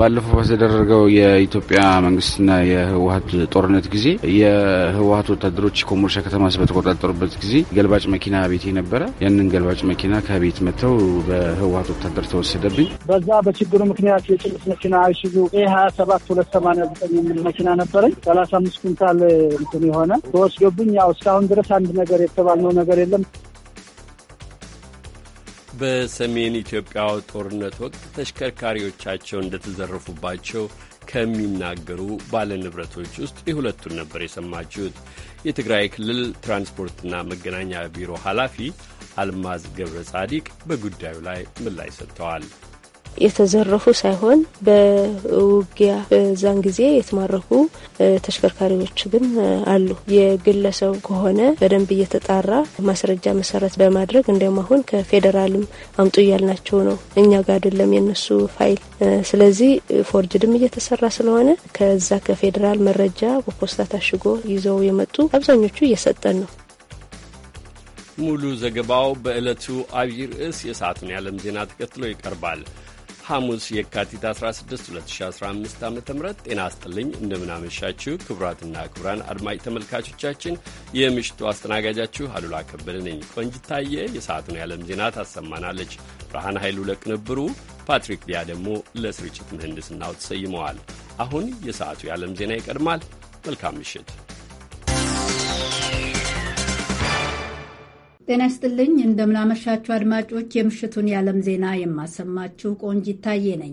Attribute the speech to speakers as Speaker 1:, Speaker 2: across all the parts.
Speaker 1: ባለፈው በተደረገው የኢትዮጵያ መንግስትና የህወሀት ጦርነት ጊዜ የህወሀት ወታደሮች ኮምቦልቻ ከተማ በተቆጣጠሩበት ጊዜ ገልባጭ መኪና ቤቴ ነበረ። ያንን ገልባጭ መኪና ከቤት መጥተው በህወሀት ወታደር ተወሰደብኝ።
Speaker 2: በዛ በችግሩ ምክንያት የጭነት መኪና አይሱዙ ኤ ሀያ ሰባት ሁለት ሰማንያ ዘጠኝ የሚል መኪና ነበረኝ። ሰላሳ አምስት ኩንታል እንትን የሆነ ተወስዶብኝ ያው እስካሁን ድረስ አንድ ነገር የተባልነው ነገር የለም።
Speaker 3: በሰሜን ኢትዮጵያ ጦርነት ወቅት ተሽከርካሪዎቻቸው እንደተዘረፉባቸው ከሚናገሩ ባለንብረቶች ውስጥ የሁለቱን ነበር የሰማችሁት። የትግራይ ክልል ትራንስፖርትና መገናኛ ቢሮ ኃላፊ አልማዝ ገብረ ጻዲቅ በጉዳዩ ላይ ምላሽ ሰጥተዋል።
Speaker 4: የተዘረፉ ሳይሆን በውጊያ በዛን ጊዜ የተማረኩ ተሽከርካሪዎች ግን አሉ። የግለሰቡ ከሆነ በደንብ እየተጣራ ማስረጃ መሰረት በማድረግ እንዲያውም አሁን ከፌዴራልም አምጡ እያልናቸው ነው። እኛ ጋር አይደለም የነሱ ፋይል። ስለዚህ ፎርጅድም እየተሰራ ስለሆነ ከዛ ከፌዴራል መረጃ በፖስታ ታሽጎ ይዘው የመጡ አብዛኞቹ እየሰጠን ነው።
Speaker 3: ሙሉ ዘገባው በዕለቱ አብይ ርዕስ የሰዓቱን የዓለም ዜና ተከትሎ ይቀርባል። ሐሙስ የካቲት 16 2015 ዓ ም ጤና አስጥልኝ እንደምናመሻችሁ ክቡራትና ክቡራን አድማጭ ተመልካቾቻችን የምሽቱ አስተናጋጃችሁ አሉላ ከበደ ነኝ። ቆንጅታየ የሰዓቱን የዓለም ዜና ታሰማናለች። ብርሃን ኃይሉ ለቅንብሩ፣ ፓትሪክ ቢያ ደግሞ ለስርጭት ምህንድስናው ተሰይመዋል። አሁን የሰዓቱ የዓለም ዜና ይቀድማል። መልካም ምሽት።
Speaker 5: ጤና ይስጥልኝ እንደምናመሻችሁ አድማጮች፣ የምሽቱን የዓለም ዜና የማሰማችሁ ቆንጅ ታዬ ነኝ።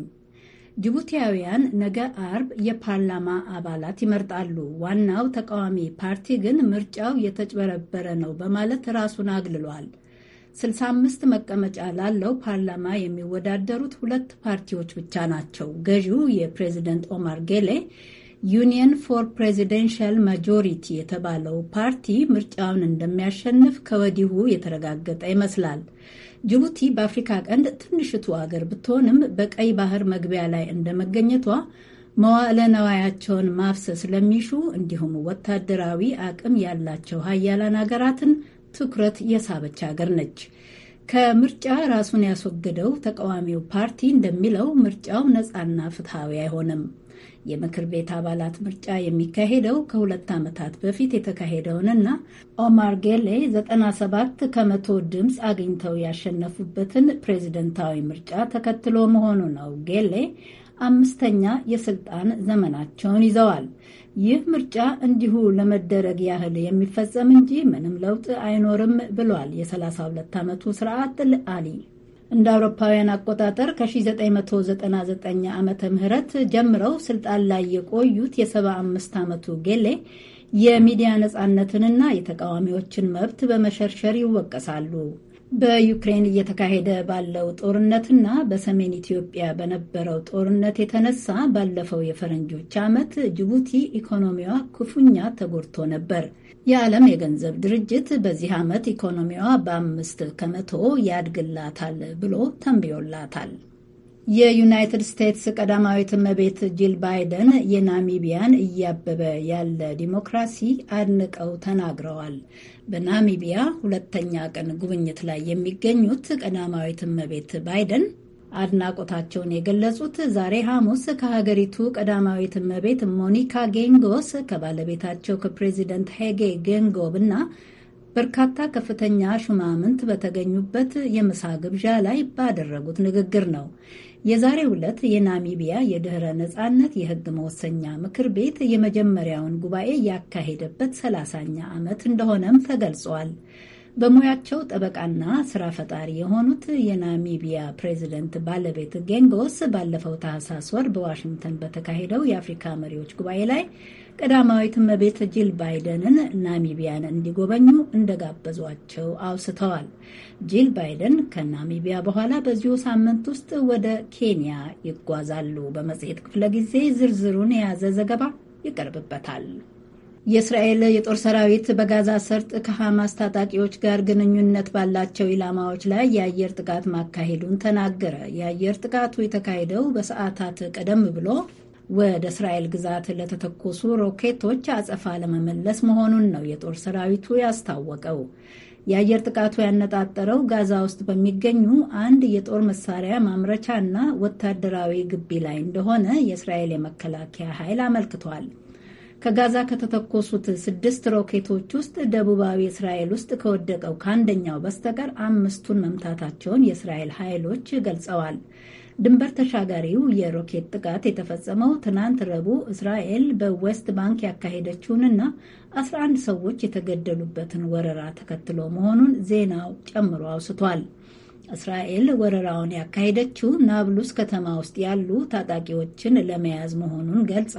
Speaker 5: ጅቡቲያውያን ነገ አርብ የፓርላማ አባላት ይመርጣሉ። ዋናው ተቃዋሚ ፓርቲ ግን ምርጫው የተጭበረበረ ነው በማለት ራሱን አግልሏል። 65 መቀመጫ ላለው ፓርላማ የሚወዳደሩት ሁለት ፓርቲዎች ብቻ ናቸው። ገዢው የፕሬዚደንት ኦማር ጌሌ ዩኒየን ፎር ፕሬዚደንሻል ማጆሪቲ የተባለው ፓርቲ ምርጫውን እንደሚያሸንፍ ከወዲሁ የተረጋገጠ ይመስላል። ጅቡቲ በአፍሪካ ቀንድ ትንሽቱ አገር ብትሆንም በቀይ ባህር መግቢያ ላይ እንደመገኘቷ መዋዕለ ነዋያቸውን ማፍሰስ ለሚሹ እንዲሁም ወታደራዊ አቅም ያላቸው ሀያላን ሀገራትን ትኩረት የሳበች ሀገር ነች። ከምርጫ ራሱን ያስወገደው ተቃዋሚው ፓርቲ እንደሚለው ምርጫው ነፃና ፍትሐዊ አይሆንም። የምክር ቤት አባላት ምርጫ የሚካሄደው ከሁለት ዓመታት በፊት የተካሄደውንና ኦማር ጌሌ 97 ከመቶ ድምፅ አግኝተው ያሸነፉበትን ፕሬዝደንታዊ ምርጫ ተከትሎ መሆኑ ነው። ጌሌ አምስተኛ የስልጣን ዘመናቸውን ይዘዋል። ይህ ምርጫ እንዲሁ ለመደረግ ያህል የሚፈጸም እንጂ ምንም ለውጥ አይኖርም ብሏል። የ32 ዓመቱ ስርዓት አሊ እንደ አውሮፓውያን አቆጣጠር ከ1999 ዓመተ ምህረት ጀምረው ስልጣን ላይ የቆዩት የ75 ዓመቱ ጌሌ የሚዲያ ነፃነትንና የተቃዋሚዎችን መብት በመሸርሸር ይወቀሳሉ። በዩክሬን እየተካሄደ ባለው ጦርነትና በሰሜን ኢትዮጵያ በነበረው ጦርነት የተነሳ ባለፈው የፈረንጆች ዓመት ጅቡቲ ኢኮኖሚዋ ክፉኛ ተጎድቶ ነበር። የዓለም የገንዘብ ድርጅት በዚህ ዓመት ኢኮኖሚዋ በአምስት ከመቶ ያድግላታል ብሎ ተንብዮላታል። የዩናይትድ ስቴትስ ቀዳማዊት እመቤት ጂል ባይደን የናሚቢያን እያበበ ያለ ዲሞክራሲ አድንቀው ተናግረዋል። በናሚቢያ ሁለተኛ ቀን ጉብኝት ላይ የሚገኙት ቀዳማዊት እመቤት ባይደን አድናቆታቸውን የገለጹት ዛሬ ሐሙስ ከሀገሪቱ ቀዳማዊት እመቤት ሞኒካ ጌንጎስ ከባለቤታቸው ከፕሬዚደንት ሄጌ ጌንጎብ እና በርካታ ከፍተኛ ሹማምንት በተገኙበት የምሳ ግብዣ ላይ ባደረጉት ንግግር ነው። የዛሬው ዕለት የናሚቢያ የድኅረ ነጻነት የሕግ መወሰኛ ምክር ቤት የመጀመሪያውን ጉባኤ ያካሄደበት ሰላሳኛ ዓመት እንደሆነም ተገልጿል። በሙያቸው ጠበቃና ስራ ፈጣሪ የሆኑት የናሚቢያ ፕሬዚደንት ባለቤት ጌንጎስ ባለፈው ታህሳስ ወር በዋሽንግተን በተካሄደው የአፍሪካ መሪዎች ጉባኤ ላይ ቀዳማዊት እመቤት ጂል ባይደንን ናሚቢያን እንዲጎበኙ እንደጋበዟቸው አውስተዋል። ጂል ባይደን ከናሚቢያ በኋላ በዚሁ ሳምንት ውስጥ ወደ ኬንያ ይጓዛሉ። በመጽሔት ክፍለ ጊዜ ዝርዝሩን የያዘ ዘገባ ይቀርብበታል። የእስራኤል የጦር ሰራዊት በጋዛ ሰርጥ ከሐማስ ታጣቂዎች ጋር ግንኙነት ባላቸው ኢላማዎች ላይ የአየር ጥቃት ማካሄዱን ተናገረ። የአየር ጥቃቱ የተካሄደው በሰዓታት ቀደም ብሎ ወደ እስራኤል ግዛት ለተተኮሱ ሮኬቶች አጸፋ ለመመለስ መሆኑን ነው የጦር ሰራዊቱ ያስታወቀው። የአየር ጥቃቱ ያነጣጠረው ጋዛ ውስጥ በሚገኙ አንድ የጦር መሳሪያ ማምረቻ እና ወታደራዊ ግቢ ላይ እንደሆነ የእስራኤል የመከላከያ ኃይል አመልክቷል። ከጋዛ ከተተኮሱት ስድስት ሮኬቶች ውስጥ ደቡባዊ እስራኤል ውስጥ ከወደቀው ከአንደኛው በስተቀር አምስቱን መምታታቸውን የእስራኤል ኃይሎች ገልጸዋል። ድንበር ተሻጋሪው የሮኬት ጥቃት የተፈጸመው ትናንት ረቡዕ እስራኤል በዌስት ባንክ ያካሄደችውንና 11 ሰዎች የተገደሉበትን ወረራ ተከትሎ መሆኑን ዜናው ጨምሮ አውስቷል። እስራኤል ወረራውን ያካሄደችው ናብሉስ ከተማ ውስጥ ያሉ ታጣቂዎችን ለመያዝ መሆኑን ገልጻ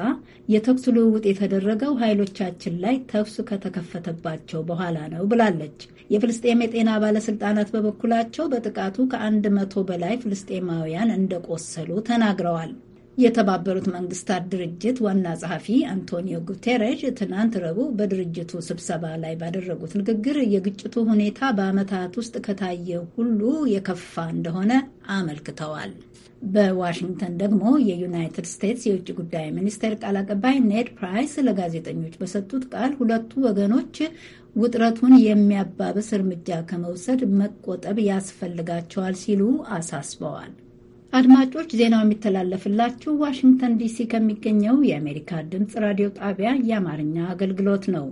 Speaker 5: የተኩስ ልውውጥ የተደረገው ኃይሎቻችን ላይ ተኩስ ከተከፈተባቸው በኋላ ነው ብላለች። የፍልስጤም የጤና ባለስልጣናት በበኩላቸው በጥቃቱ ከአንድ መቶ በላይ ፍልስጤማውያን እንደቆሰሉ ተናግረዋል። የተባበሩት መንግስታት ድርጅት ዋና ጸሐፊ አንቶኒዮ ጉቴሬሽ ትናንት ረቡዕ በድርጅቱ ስብሰባ ላይ ባደረጉት ንግግር የግጭቱ ሁኔታ በዓመታት ውስጥ ከታየ ሁሉ የከፋ እንደሆነ አመልክተዋል። በዋሽንግተን ደግሞ የዩናይትድ ስቴትስ የውጭ ጉዳይ ሚኒስቴር ቃል አቀባይ ኔድ ፕራይስ ለጋዜጠኞች በሰጡት ቃል ሁለቱ ወገኖች ውጥረቱን የሚያባብስ እርምጃ ከመውሰድ መቆጠብ ያስፈልጋቸዋል ሲሉ አሳስበዋል። አድማጮች፣ ዜናው የሚተላለፍላችሁ ዋሽንግተን ዲሲ ከሚገኘው የአሜሪካ ድምፅ ራዲዮ ጣቢያ የአማርኛ አገልግሎት ነው።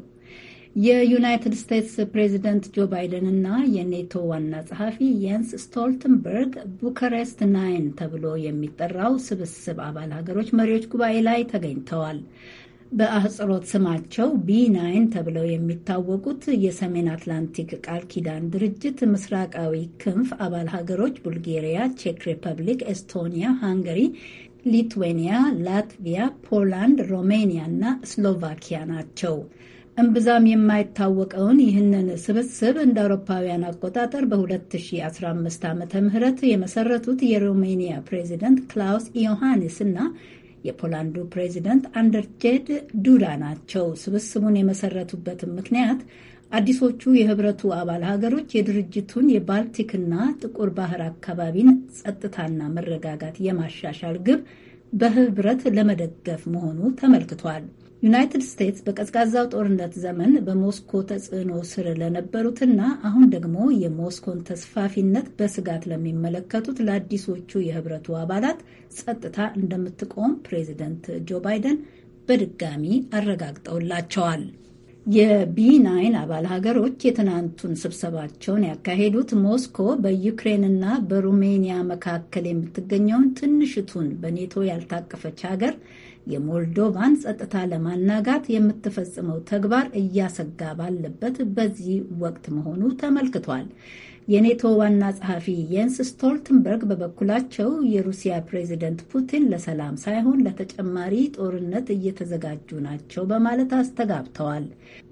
Speaker 5: የዩናይትድ ስቴትስ ፕሬዚደንት ጆ ባይደን እና የኔቶ ዋና ጸሐፊ የንስ ስቶልተንበርግ ቡካሬስት ናይን ተብሎ የሚጠራው ስብስብ አባል ሀገሮች መሪዎች ጉባኤ ላይ ተገኝተዋል። በአህጽሮት ስማቸው ቢናይን ተብለው የሚታወቁት የሰሜን አትላንቲክ ቃል ኪዳን ድርጅት ምስራቃዊ ክንፍ አባል ሀገሮች ቡልጌሪያ፣ ቼክ ሪፐብሊክ፣ ኤስቶኒያ፣ ሃንገሪ፣ ሊትዌኒያ፣ ላትቪያ፣ ፖላንድ፣ ሮሜኒያ እና ስሎቫኪያ ናቸው። እምብዛም የማይታወቀውን ይህንን ስብስብ እንደ አውሮፓውያን አቆጣጠር በ2015 ዓ ም የመሰረቱት የሮሜኒያ ፕሬዚደንት ክላውስ ዮሐንስ እና የፖላንዱ ፕሬዚደንት አንደርጄድ ዱዳ ናቸው። ስብስቡን የመሰረቱበትም ምክንያት አዲሶቹ የህብረቱ አባል ሀገሮች የድርጅቱን የባልቲክና ጥቁር ባህር አካባቢን ጸጥታና መረጋጋት የማሻሻል ግብ በህብረት ለመደገፍ መሆኑ ተመልክቷል። ዩናይትድ ስቴትስ በቀዝቃዛው ጦርነት ዘመን በሞስኮ ተጽዕኖ ስር ለነበሩትና አሁን ደግሞ የሞስኮን ተስፋፊነት በስጋት ለሚመለከቱት ለአዲሶቹ የህብረቱ አባላት ጸጥታ እንደምትቆም ፕሬዚደንት ጆ ባይደን በድጋሚ አረጋግጠውላቸዋል። የቢናይን አባል ሀገሮች የትናንቱን ስብሰባቸውን ያካሄዱት ሞስኮ በዩክሬንና በሩሜኒያ መካከል የምትገኘውን ትንሽቱን በኔቶ ያልታቀፈች ሀገር የሞልዶቫን ጸጥታ ለማናጋት የምትፈጽመው ተግባር እያሰጋ ባለበት በዚህ ወቅት መሆኑ ተመልክቷል። የኔቶ ዋና ጸሐፊ የንስ ስቶልትንበርግ በበኩላቸው የሩሲያ ፕሬዚደንት ፑቲን ለሰላም ሳይሆን ለተጨማሪ ጦርነት እየተዘጋጁ ናቸው በማለት አስተጋብተዋል።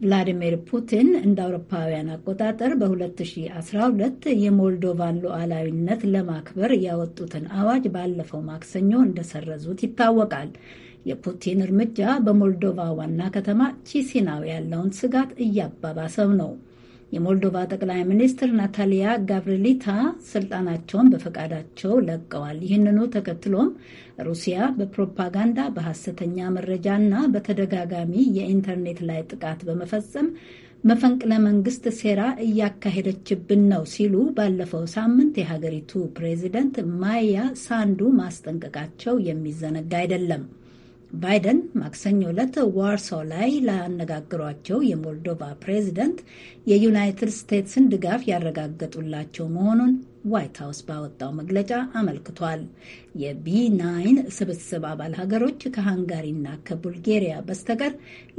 Speaker 5: ቭላዲሚር ፑቲን እንደ አውሮፓውያን አቆጣጠር በ2012 የሞልዶቫን ሉዓላዊነት ለማክበር ያወጡትን አዋጅ ባለፈው ማክሰኞ እንደሰረዙት ይታወቃል። የፑቲን እርምጃ በሞልዶቫ ዋና ከተማ ቺሲናው ያለውን ስጋት እያባባሰው ነው። የሞልዶቫ ጠቅላይ ሚኒስትር ናታሊያ ጋብሪሊታ ስልጣናቸውን በፈቃዳቸው ለቀዋል። ይህንኑ ተከትሎም ሩሲያ በፕሮፓጋንዳ በሐሰተኛ መረጃና በተደጋጋሚ የኢንተርኔት ላይ ጥቃት በመፈጸም መፈንቅለ መንግስት ሴራ እያካሄደችብን ነው ሲሉ ባለፈው ሳምንት የሀገሪቱ ፕሬዚደንት ማያ ሳንዱ ማስጠንቀቃቸው የሚዘነጋ አይደለም። ባይደን ማክሰኞ ዕለት ዋርሶ ላይ ላነጋግሯቸው የሞልዶቫ ፕሬዚደንት የዩናይትድ ስቴትስን ድጋፍ ያረጋገጡላቸው መሆኑን ዋይት ሀውስ ባወጣው መግለጫ አመልክቷል። የቢ ናይን ስብስብ አባል ሀገሮች ከሃንጋሪና ከቡልጌሪያ በስተቀር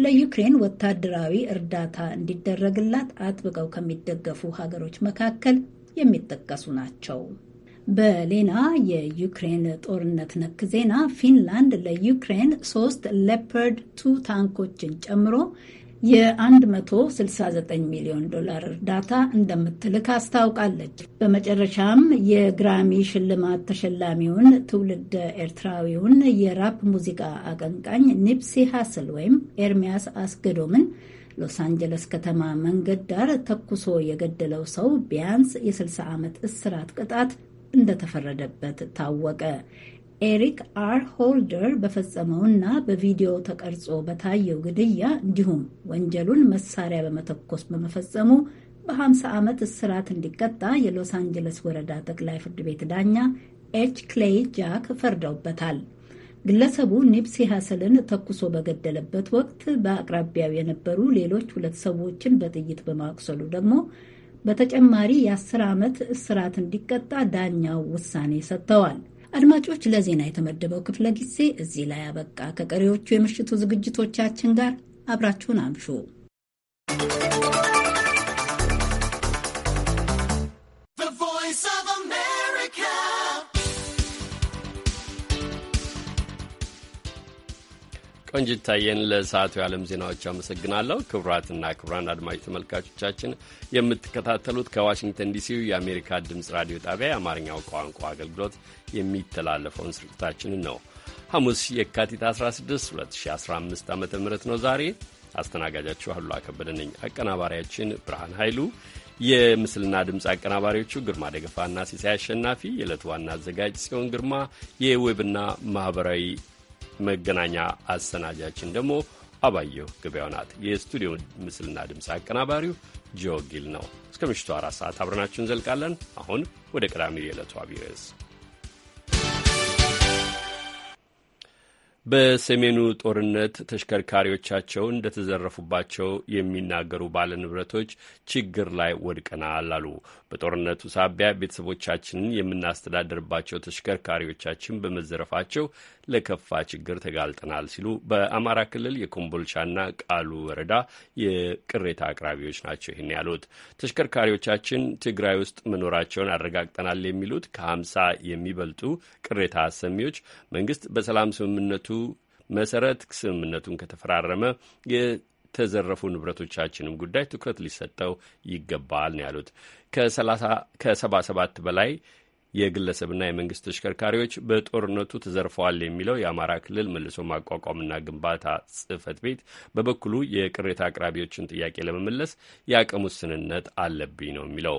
Speaker 5: ለዩክሬን ወታደራዊ እርዳታ እንዲደረግላት አጥብቀው ከሚደገፉ ሀገሮች መካከል የሚጠቀሱ ናቸው። በሌላ የዩክሬን ጦርነት ነክ ዜና ፊንላንድ ለዩክሬን ሶስት ሌፐርድ ቱ ታንኮችን ጨምሮ የ169 ሚሊዮን ዶላር እርዳታ እንደምትልክ አስታውቃለች። በመጨረሻም የግራሚ ሽልማት ተሸላሚውን ትውልድ ኤርትራዊውን የራፕ ሙዚቃ አቀንቃኝ ኒፕሲ ሀስል ወይም ኤርሚያስ አስገዶምን ሎስ አንጀለስ ከተማ መንገድ ዳር ተኩሶ የገደለው ሰው ቢያንስ የ60 ዓመት እስራት ቅጣት እንደተፈረደበት ታወቀ። ኤሪክ አር ሆልደር በፈጸመውና በቪዲዮ ተቀርጾ በታየው ግድያ እንዲሁም ወንጀሉን መሳሪያ በመተኮስ በመፈጸሙ በ50 ዓመት እስራት እንዲቀጣ የሎስ አንጀለስ ወረዳ ጠቅላይ ፍርድ ቤት ዳኛ ኤች ክሌይ ጃክ ፈርደውበታል። ግለሰቡ ኒፕሲ ሀሰልን ተኩሶ በገደለበት ወቅት በአቅራቢያው የነበሩ ሌሎች ሁለት ሰዎችን በጥይት በማቁሰሉ ደግሞ በተጨማሪ የአስር ዓመት እስራት እንዲቀጣ ዳኛው ውሳኔ ሰጥተዋል። አድማጮች፣ ለዜና የተመደበው ክፍለ ጊዜ እዚህ ላይ አበቃ። ከቀሪዎቹ የምሽቱ ዝግጅቶቻችን ጋር አብራችሁን አምሹ።
Speaker 3: ቆንጅት ታየን ለሰዓቱ የዓለም ዜናዎች አመሰግናለሁ። ክቡራትና ክቡራን አድማጭ ተመልካቾቻችን የምትከታተሉት ከዋሽንግተን ዲሲው የአሜሪካ ድምፅ ራዲዮ ጣቢያ የአማርኛው ቋንቋ አገልግሎት የሚተላለፈውን ስርጭታችንን ነው። ሐሙስ የካቲት 16 2015 ዓ ም ነው ዛሬ። አስተናጋጃችሁ አሉላ ከበደ ነኝ። አቀናባሪያችን ብርሃን ኃይሉ፣ የምስልና ድምፅ አቀናባሪዎቹ ግርማ ደገፋና ሲሳይ አሸናፊ፣ የዕለቱ ዋና አዘጋጅ ጽዮን ግርማ፣ የዌብና ማኅበራዊ መገናኛ አሰናጃችን ደግሞ አባየሁ ገበያው ናት። የስቱዲዮ ምስልና ድምፅ አቀናባሪው ጆ ጊል ነው። እስከ ምሽቱ አራት ሰዓት አብረናችሁ እንዘልቃለን። አሁን ወደ ቀዳሚ የዕለቱ አብይ ርዕስ በሰሜኑ ጦርነት ተሽከርካሪዎቻቸው እንደተዘረፉባቸው የሚናገሩ ባለንብረቶች ችግር ላይ ወድቀናል አሉ። በጦርነቱ ሳቢያ ቤተሰቦቻችንን የምናስተዳድርባቸው ተሽከርካሪዎቻችን በመዘረፋቸው ለከፋ ችግር ተጋልጠናል ሲሉ በአማራ ክልል የኮምቦልቻና ቃሉ ወረዳ የቅሬታ አቅራቢዎች ናቸው ይህን ያሉት። ተሽከርካሪዎቻችን ትግራይ ውስጥ መኖራቸውን አረጋግጠናል የሚሉት ከሀምሳ የሚበልጡ ቅሬታ አሰሚዎች መንግስት በሰላም ስምምነቱ መሰረት ስምምነቱን ከተፈራረመ የተዘረፉ ንብረቶቻችንም ጉዳይ ትኩረት ሊሰጠው ይገባል ነው ያሉት። ከሰባ ሰባት በላይ የግለሰብና የመንግስት ተሽከርካሪዎች በጦርነቱ ተዘርፈዋል የሚለው የአማራ ክልል መልሶ ማቋቋምና ግንባታ ጽህፈት ቤት በበኩሉ የቅሬታ አቅራቢዎችን ጥያቄ ለመመለስ የአቅም ውስንነት አለብኝ ነው የሚለው።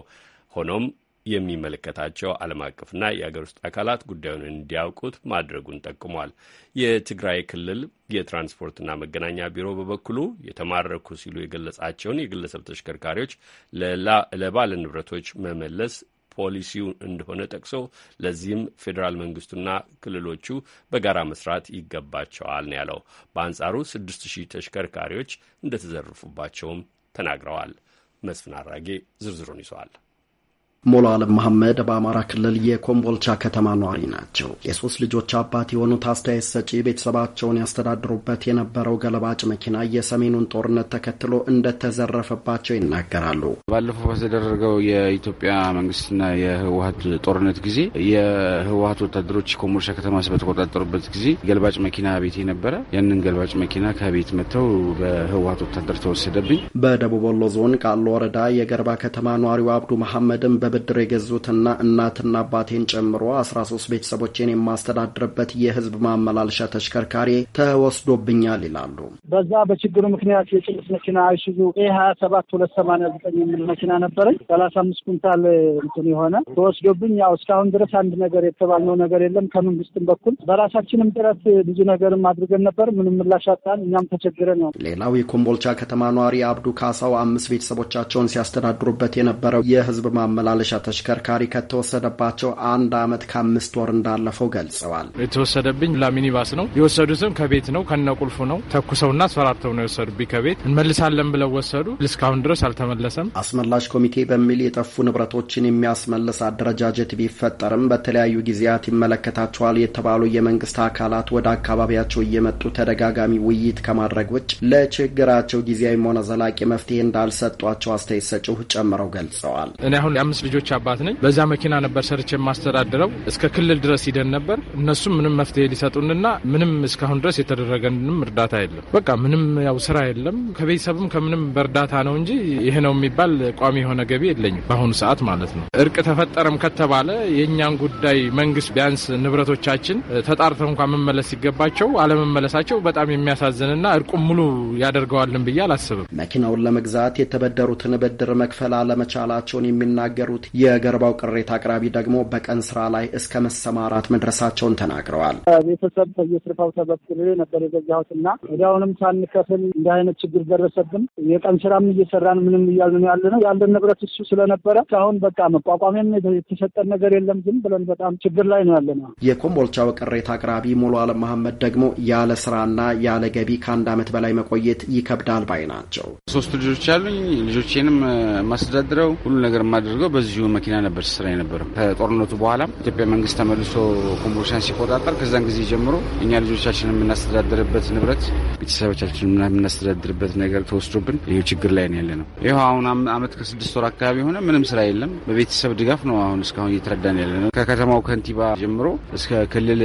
Speaker 3: ሆኖም የሚመለከታቸው ዓለም አቀፍና የአገር ውስጥ አካላት ጉዳዩን እንዲያውቁት ማድረጉን ጠቅሟል። የትግራይ ክልል የትራንስፖርትና መገናኛ ቢሮ በበኩሉ የተማረኩ ሲሉ የገለጻቸውን የግለሰብ ተሽከርካሪዎች ለባለ ንብረቶች መመለስ ፖሊሲው እንደሆነ ጠቅሶ ለዚህም ፌዴራል መንግስቱና ክልሎቹ በጋራ መስራት ይገባቸዋል ነው ያለው። በአንጻሩ ስድስት ሺህ ተሽከርካሪዎች እንደተዘረፉባቸውም ተናግረዋል። መስፍን አራጌ ዝርዝሩን ይዘዋል።
Speaker 6: ሞላ አለም መሐመድ በአማራ ክልል የኮምቦልቻ ከተማ ነዋሪ ናቸው። የሶስት ልጆች አባት የሆኑት አስተያየት ሰጪ ቤተሰባቸውን ያስተዳድሩበት የነበረው ገለባጭ መኪና የሰሜኑን ጦርነት ተከትሎ እንደተዘረፈባቸው ይናገራሉ።
Speaker 1: ባለፈው በተደረገው የኢትዮጵያ መንግስትና የህወሀት ጦርነት ጊዜ የህወሀት ወታደሮች ኮምቦልቻ ከተማ በተቆጣጠሩበት ጊዜ ገልባጭ መኪና ቤት ነበረ። ያንን ገልባጭ መኪና ከቤት መጥተው በህወሀት ወታደር ተወሰደብኝ።
Speaker 6: በደቡብ ወሎ ዞን ቃሉ ወረዳ የገርባ ከተማ ኗሪው አብዱ መሐመድን በ በብድር የገዙትና እናትና አባቴን ጨምሮ 13 ቤተሰቦቼን የማስተዳድርበት የህዝብ ማመላለሻ ተሽከርካሪ ተወስዶብኛል ይላሉ።
Speaker 2: በዛ በችግሩ ምክንያት የጭነት መኪና አይሱዙ ኤ ሀያ ሰባት ሁለት ሰማንያ ዘጠኝ የሚል መኪና ነበረኝ። ሰላሳ አምስት ኩንታል እንትን የሆነ ተወስዶብኝ፣ ያው እስካሁን ድረስ አንድ ነገር የተባልነው ነገር የለም ከመንግስትም በኩል በራሳችንም ጥረት ብዙ ነገርም አድርገን ነበር። ምንም ምላሽ አጣን። እኛም ተቸግረን ነው።
Speaker 6: ሌላው የኮምቦልቻ ከተማ ኗሪ አብዱ ካሳው አምስት ቤተሰቦቻቸውን ሲያስተዳድሩበት የነበረው የህዝብ ማመላለሻ ማገሻ ተሽከርካሪ ከተወሰደባቸው አንድ አመት ከአምስት ወር እንዳለፈው ገልጸዋል።
Speaker 1: የተወሰደብኝ
Speaker 7: ላሚኒባስ ነው። የወሰዱትም ከቤት ነው፣ ከነ ቁልፉ ነው። ተኩሰውና አስፈራርተው ነው የወሰዱብኝ። ከቤት እንመልሳለን ብለው ወሰዱ። እስካሁን ድረስ አልተመለሰም።
Speaker 6: አስመላሽ ኮሚቴ በሚል የጠፉ ንብረቶችን የሚያስመልስ አደረጃጀት ቢፈጠርም በተለያዩ ጊዜያት ይመለከታቸዋል የተባሉ የመንግስት አካላት ወደ አካባቢያቸው እየመጡ ተደጋጋሚ ውይይት ከማድረግ ውጭ ለችግራቸው ጊዜያዊም ሆነ ዘላቂ መፍትሄ እንዳልሰጧቸው አስተያየት ሰጪው ጨምረው ገልጸዋል።
Speaker 7: እኔ አሁን የአምስት ልጆች አባት ነኝ። በዛ መኪና ነበር ሰርቼ የማስተዳድረው። እስከ ክልል ድረስ ሂደን ነበር። እነሱም ምንም መፍትሄ ሊሰጡንና ምንም እስካሁን ድረስ የተደረገንም እርዳታ የለም። በቃ ምንም ያው ስራ የለም። ከቤተሰብም ከምንም በእርዳታ ነው እንጂ ይሄ ነው የሚባል ቋሚ የሆነ ገቢ የለኝም በአሁኑ ሰዓት ማለት ነው። እርቅ ተፈጠረም ከተባለ የእኛን ጉዳይ መንግስት ቢያንስ ንብረቶቻችን ተጣርተው እንኳ መመለስ ሲገባቸው አለመመለሳቸው በጣም የሚያሳዝንና እርቁም ሙሉ ያደርገዋልን ብዬ አላስብም።
Speaker 6: መኪናውን ለመግዛት የተበደሩትን ብድር መክፈል አለመቻላቸውን የሚናገሩ ያሉት የገርባው ቅሬታ አቅራቢ ደግሞ በቀን ስራ ላይ እስከ መሰማራት መድረሳቸውን ተናግረዋል።
Speaker 2: ቤተሰብ በየስርፋው ተበክል ነበር የገዛሁት እና ወዲያውንም ሳንከፍል እንደ አይነት ችግር ደረሰብን። የቀን ስራም እየሰራን ምንም እያልን ያለ ነው ያለን ንብረት እሱ ስለነበረ አሁን በቃ መቋቋሚም የተሰጠን ነገር የለም። ዝም ብለን በጣም ችግር ላይ ነው ያለ ነው።
Speaker 6: የኮምቦልቻው ቅሬታ አቅራቢ ሙሉ አለም መሐመድ ደግሞ ያለ ስራና ያለ ገቢ ከአንድ አመት በላይ መቆየት ይከብዳል ባይ ናቸው።
Speaker 1: ሶስት ልጆች አሉኝ። ልጆቼንም ማስተዳድረው ሁሉ ነገር የማደርገው በዚሁ መኪና ነበር ስራ የነበረው። ከጦርነቱ በኋላም ኢትዮጵያ መንግስት ተመልሶ ኮምቦልቻን ሲቆጣጠር ከዛን ጊዜ ጀምሮ እኛ ልጆቻችን የምናስተዳድርበት ንብረት፣ ቤተሰቦቻችን የምናስተዳድርበት ነገር ተወስዶብን ይህ ችግር ላይ ነው ያለ ነው። ይህ አሁን አመት ከስድስት ወር አካባቢ የሆነ ምንም ስራ የለም። በቤተሰብ ድጋፍ ነው አሁን እስካሁን እየተረዳን ያለ ነው። ከከተማው ከንቲባ ጀምሮ እስከ ክልል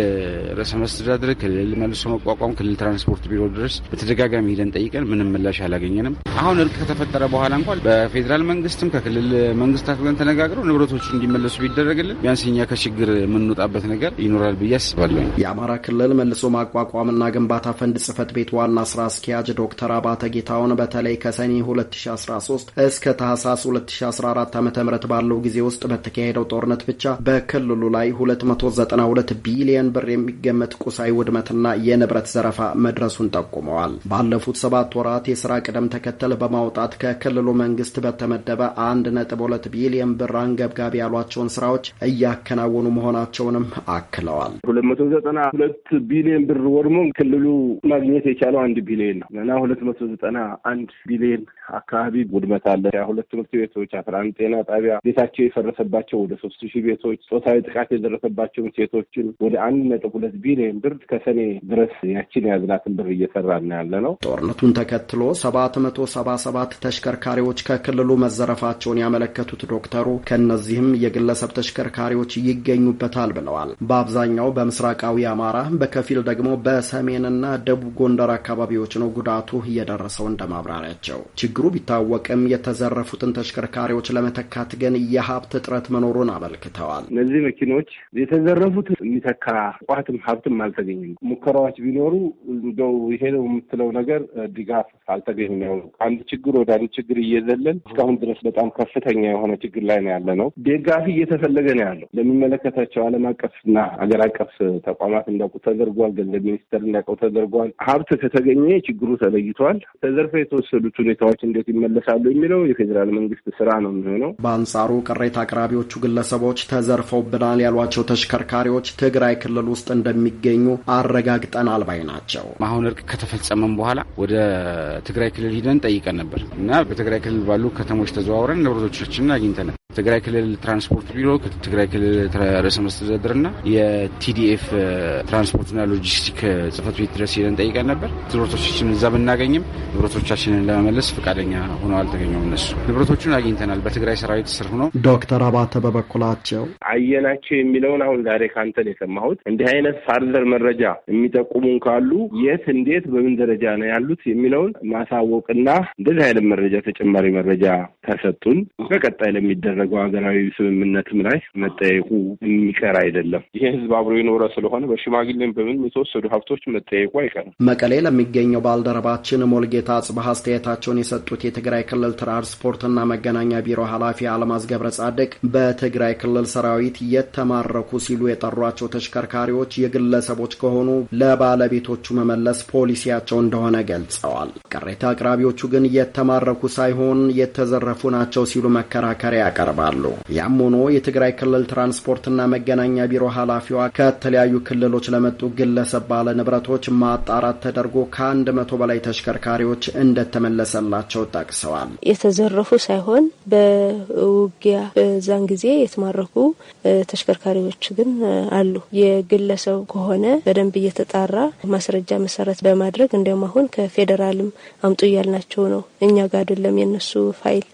Speaker 1: ርዕሰ መስተዳድር፣ ክልል መልሶ መቋቋም፣ ክልል ትራንስፖርት ቢሮ ድረስ በተደጋጋሚ ሂደን ጠይቀን ምንም ምላሽ አላገኘንም። አሁን እርቅ ከተፈጠረ በኋላ እንኳን በፌዴራል መንግስትም ከክልል መንግስታት ገን ተነጋግረው ንብረቶቹ እንዲመለሱ ቢደረግልን ቢያንስ እኛ ከችግር የምንወጣበት ነገር ይኖራል ብዬ አስባለሁ። የአማራ ክልል
Speaker 6: መልሶ ማቋቋምና ግንባታ ፈንድ ጽህፈት ቤት ዋና ስራ አስኪያጅ ዶክተር አባተ ጌታውን በተለይ ከሰኔ 2013 እስከ ታህሳስ 2014 ዓ ም ባለው ጊዜ ውስጥ በተካሄደው ጦርነት ብቻ በክልሉ ላይ 292 ቢሊዮን ብር የሚገመት ቁሳዊ ውድመትና የንብረት ዘረፋ መድረሱን ጠቁመዋል። ባለፉት ሰባት ወራት የስራ ቅደም ተከተል በማውጣት ከክልሉ መንግስት በተመደበ 1.2 ቢሊዮን ብራን አንገብጋቢ ያሏቸውን ስራዎች እያከናወኑ መሆናቸውንም አክለዋል።
Speaker 8: ሁለት መቶ ዘጠና ሁለት ቢሊዮን ብር ወድሞ ክልሉ ማግኘት የቻለው አንድ ቢሊዮን ነው እና ሁለት መቶ ዘጠና አንድ ቢሊዮን አካባቢ ውድመት አለ። ሁለት ትምህርት ቤቶች፣ አስራ አንድ ጤና ጣቢያ፣ ቤታቸው የፈረሰባቸው ወደ ሶስት ሺህ ቤቶች፣ ጾታዊ ጥቃት የደረሰባቸውን ሴቶችን ወደ አንድ ነጥብ ሁለት ቢሊዮን ብር ከሰኔ ድረስ ያችን ያዝናትን ብር እየሰራ ነው ያለ ነው።
Speaker 6: ጦርነቱን ተከትሎ ሰባት መቶ ሰባ ሰባት ተሽከርካሪዎች ከክልሉ መዘረፋቸውን ያመለከቱት ዶክተሩ ከእነዚህም የግለሰብ ተሽከርካሪዎች ይገኙበታል ብለዋል። በአብዛኛው በምስራቃዊ አማራ፣ በከፊል ደግሞ በሰሜንና ደቡብ ጎንደር አካባቢዎች ነው ጉዳቱ እየደረሰው እንደ ማብራሪያቸው ችግሩ ቢታወቅም የተዘረፉትን ተሽከርካሪዎች ለመተካት ግን የሀብት እጥረት መኖሩን
Speaker 8: አመልክተዋል። እነዚህ መኪኖች የተዘረፉት የሚተካ ቋትም ሀብትም አልተገኘም። ሙከራዎች ቢኖሩ እንደው ይሄ ነው የምትለው ነገር ድጋፍ አልተገኘም። አንድ ችግር ወደ አንድ ችግር እየዘለን እስካሁን ድረስ በጣም ከፍተኛ የሆነ ችግር ላይ ነው ያለ ነው። ደጋፊ እየተፈለገ ነው ያለው። ለሚመለከታቸው ዓለም አቀፍና አገር አቀፍ ተቋማት እንዲያውቁ ተደርጓል። ገንዘብ ሚኒስተር እንዲያውቀው ተደርጓል። ሀብት ከተገኘ ችግሩ ተለይቷል። ተዘርፈ የተወሰዱት ሁኔታዎች እንዴት ይመለሳሉ የሚለው የፌዴራል መንግስት ስራ ነው የሚሆነው።
Speaker 6: በአንጻሩ ቅሬታ አቅራቢዎቹ ግለሰቦች ተዘርፈውብናል ያሏቸው ተሽከርካሪዎች ትግራይ ክልል ውስጥ እንደሚገኙ
Speaker 1: አረጋግጠናል ባይ ናቸው። አሁን እርቅ ከተፈጸመም በኋላ ወደ ትግራይ ክልል ሂደን ጠይቀን ነበር እና በትግራይ ክልል ባሉ ከተሞች ተዘዋውረን ንብረቶቻችንን አግኝተናል። ትግራይ ክልል ትራንስፖርት ቢሮ ትግራይ ክልል ርዕሰ መስተዳድርና የቲዲኤፍ ትራንስፖርትና ሎጂስቲክ ጽህፈት ቤት ድረስ ሄደን ጠይቀን ነበር። ንብረቶቻችን እዛ ብናገኝም ንብረቶቻችንን ለመመለስ ፈቃደኛ ሆነው አልተገኘም። እነሱ ንብረቶቹን አግኝተናል በትግራይ ሰራዊት ስር ሆኖ።
Speaker 6: ዶክተር አባተ
Speaker 8: በበኩላቸው አየናቸው የሚለውን አሁን ዛሬ ካንተን የሰማሁት እንዲህ አይነት ፋርዘር መረጃ የሚጠቁሙን ካሉ የት፣ እንዴት፣ በምን ደረጃ ነው ያሉት የሚለውን ማሳወቅና እንደዚህ አይነት መረጃ ተጨማሪ መረጃ ተሰጡን በቀጣይ ለሚደረ በተደረገው ሀገራዊ ስምምነትም ላይ መጠየቁ የሚቀር አይደለም። ይህ ህዝብ አብሮ የኖረ ስለሆነ በሽማግሌም በምን የተወሰዱ ሀብቶች መጠየቁ አይቀርም።
Speaker 6: መቀሌ ለሚገኘው ባልደረባችን ሞልጌታ አጽባህ አስተያየታቸውን የሰጡት የትግራይ ክልል ትራንስፖርትና መገናኛ ቢሮ ኃላፊ አለማዝ ገብረ ጻድቅ በትግራይ ክልል ሰራዊት የተማረኩ ሲሉ የጠሯቸው ተሽከርካሪዎች የግለሰቦች ከሆኑ ለባለቤቶቹ መመለስ ፖሊሲያቸው እንደሆነ ገልጸዋል። ቅሬታ አቅራቢዎቹ ግን የተማረኩ ሳይሆን የተዘረፉ ናቸው ሲሉ መከራከሪያ ያቀርባል። ያቀርባሉ። ያም ሆኖ የትግራይ ክልል ትራንስፖርትና መገናኛ ቢሮ ኃላፊዋ ከተለያዩ ክልሎች ለመጡ ግለሰብ ባለ ንብረቶች ማጣራት ተደርጎ ከአንድ መቶ በላይ ተሽከርካሪዎች እንደተመለሰላቸው ጠቅሰዋል።
Speaker 4: የተዘረፉ ሳይሆን በውጊያ በዛን ጊዜ የተማረኩ ተሽከርካሪዎች ግን አሉ። የግለሰብ ከሆነ በደንብ እየተጣራ ማስረጃ መሰረት በማድረግ እንዲያውም አሁን ከፌዴራልም አምጡ እያልናቸው ነው። እኛ ጋር አይደለም የነሱ ፋይል።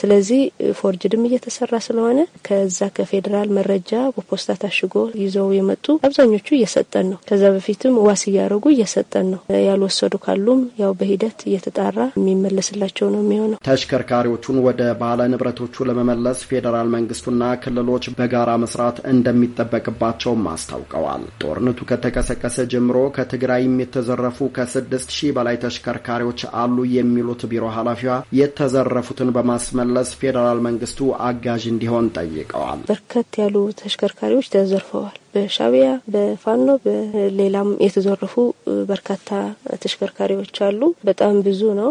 Speaker 4: ስለዚህ ፎርጅድም እየተ የተሰራ ስለሆነ ከዛ ከፌዴራል መረጃ በፖስታ ታሽጎ ይዘው የመጡ አብዛኞቹ እየሰጠን ነው። ከዛ በፊትም ዋስ እያደረጉ እየሰጠን ነው። ያልወሰዱ ካሉም ያው በሂደት እየተጣራ የሚመለስላቸው ነው የሚሆነው።
Speaker 6: ተሽከርካሪዎቹን ወደ ባለ ንብረቶቹ ለመመለስ ፌዴራል መንግስቱና ክልሎች በጋራ መስራት እንደሚጠበቅባቸውም አስታውቀዋል። ጦርነቱ ከተቀሰቀሰ ጀምሮ ከትግራይም የተዘረፉ ከስድስት ሺህ በላይ ተሽከርካሪዎች አሉ የሚሉት ቢሮ ኃላፊዋ የተዘረፉትን በማስመለስ ፌዴራል መንግስቱ አጋዥ እንዲሆን ጠይቀዋል።
Speaker 4: በርከት ያሉ ተሽከርካሪዎች ተዘርፈዋል። በሻቢያ በፋኖ በሌላም የተዘረፉ በርካታ ተሽከርካሪዎች አሉ። በጣም ብዙ ነው።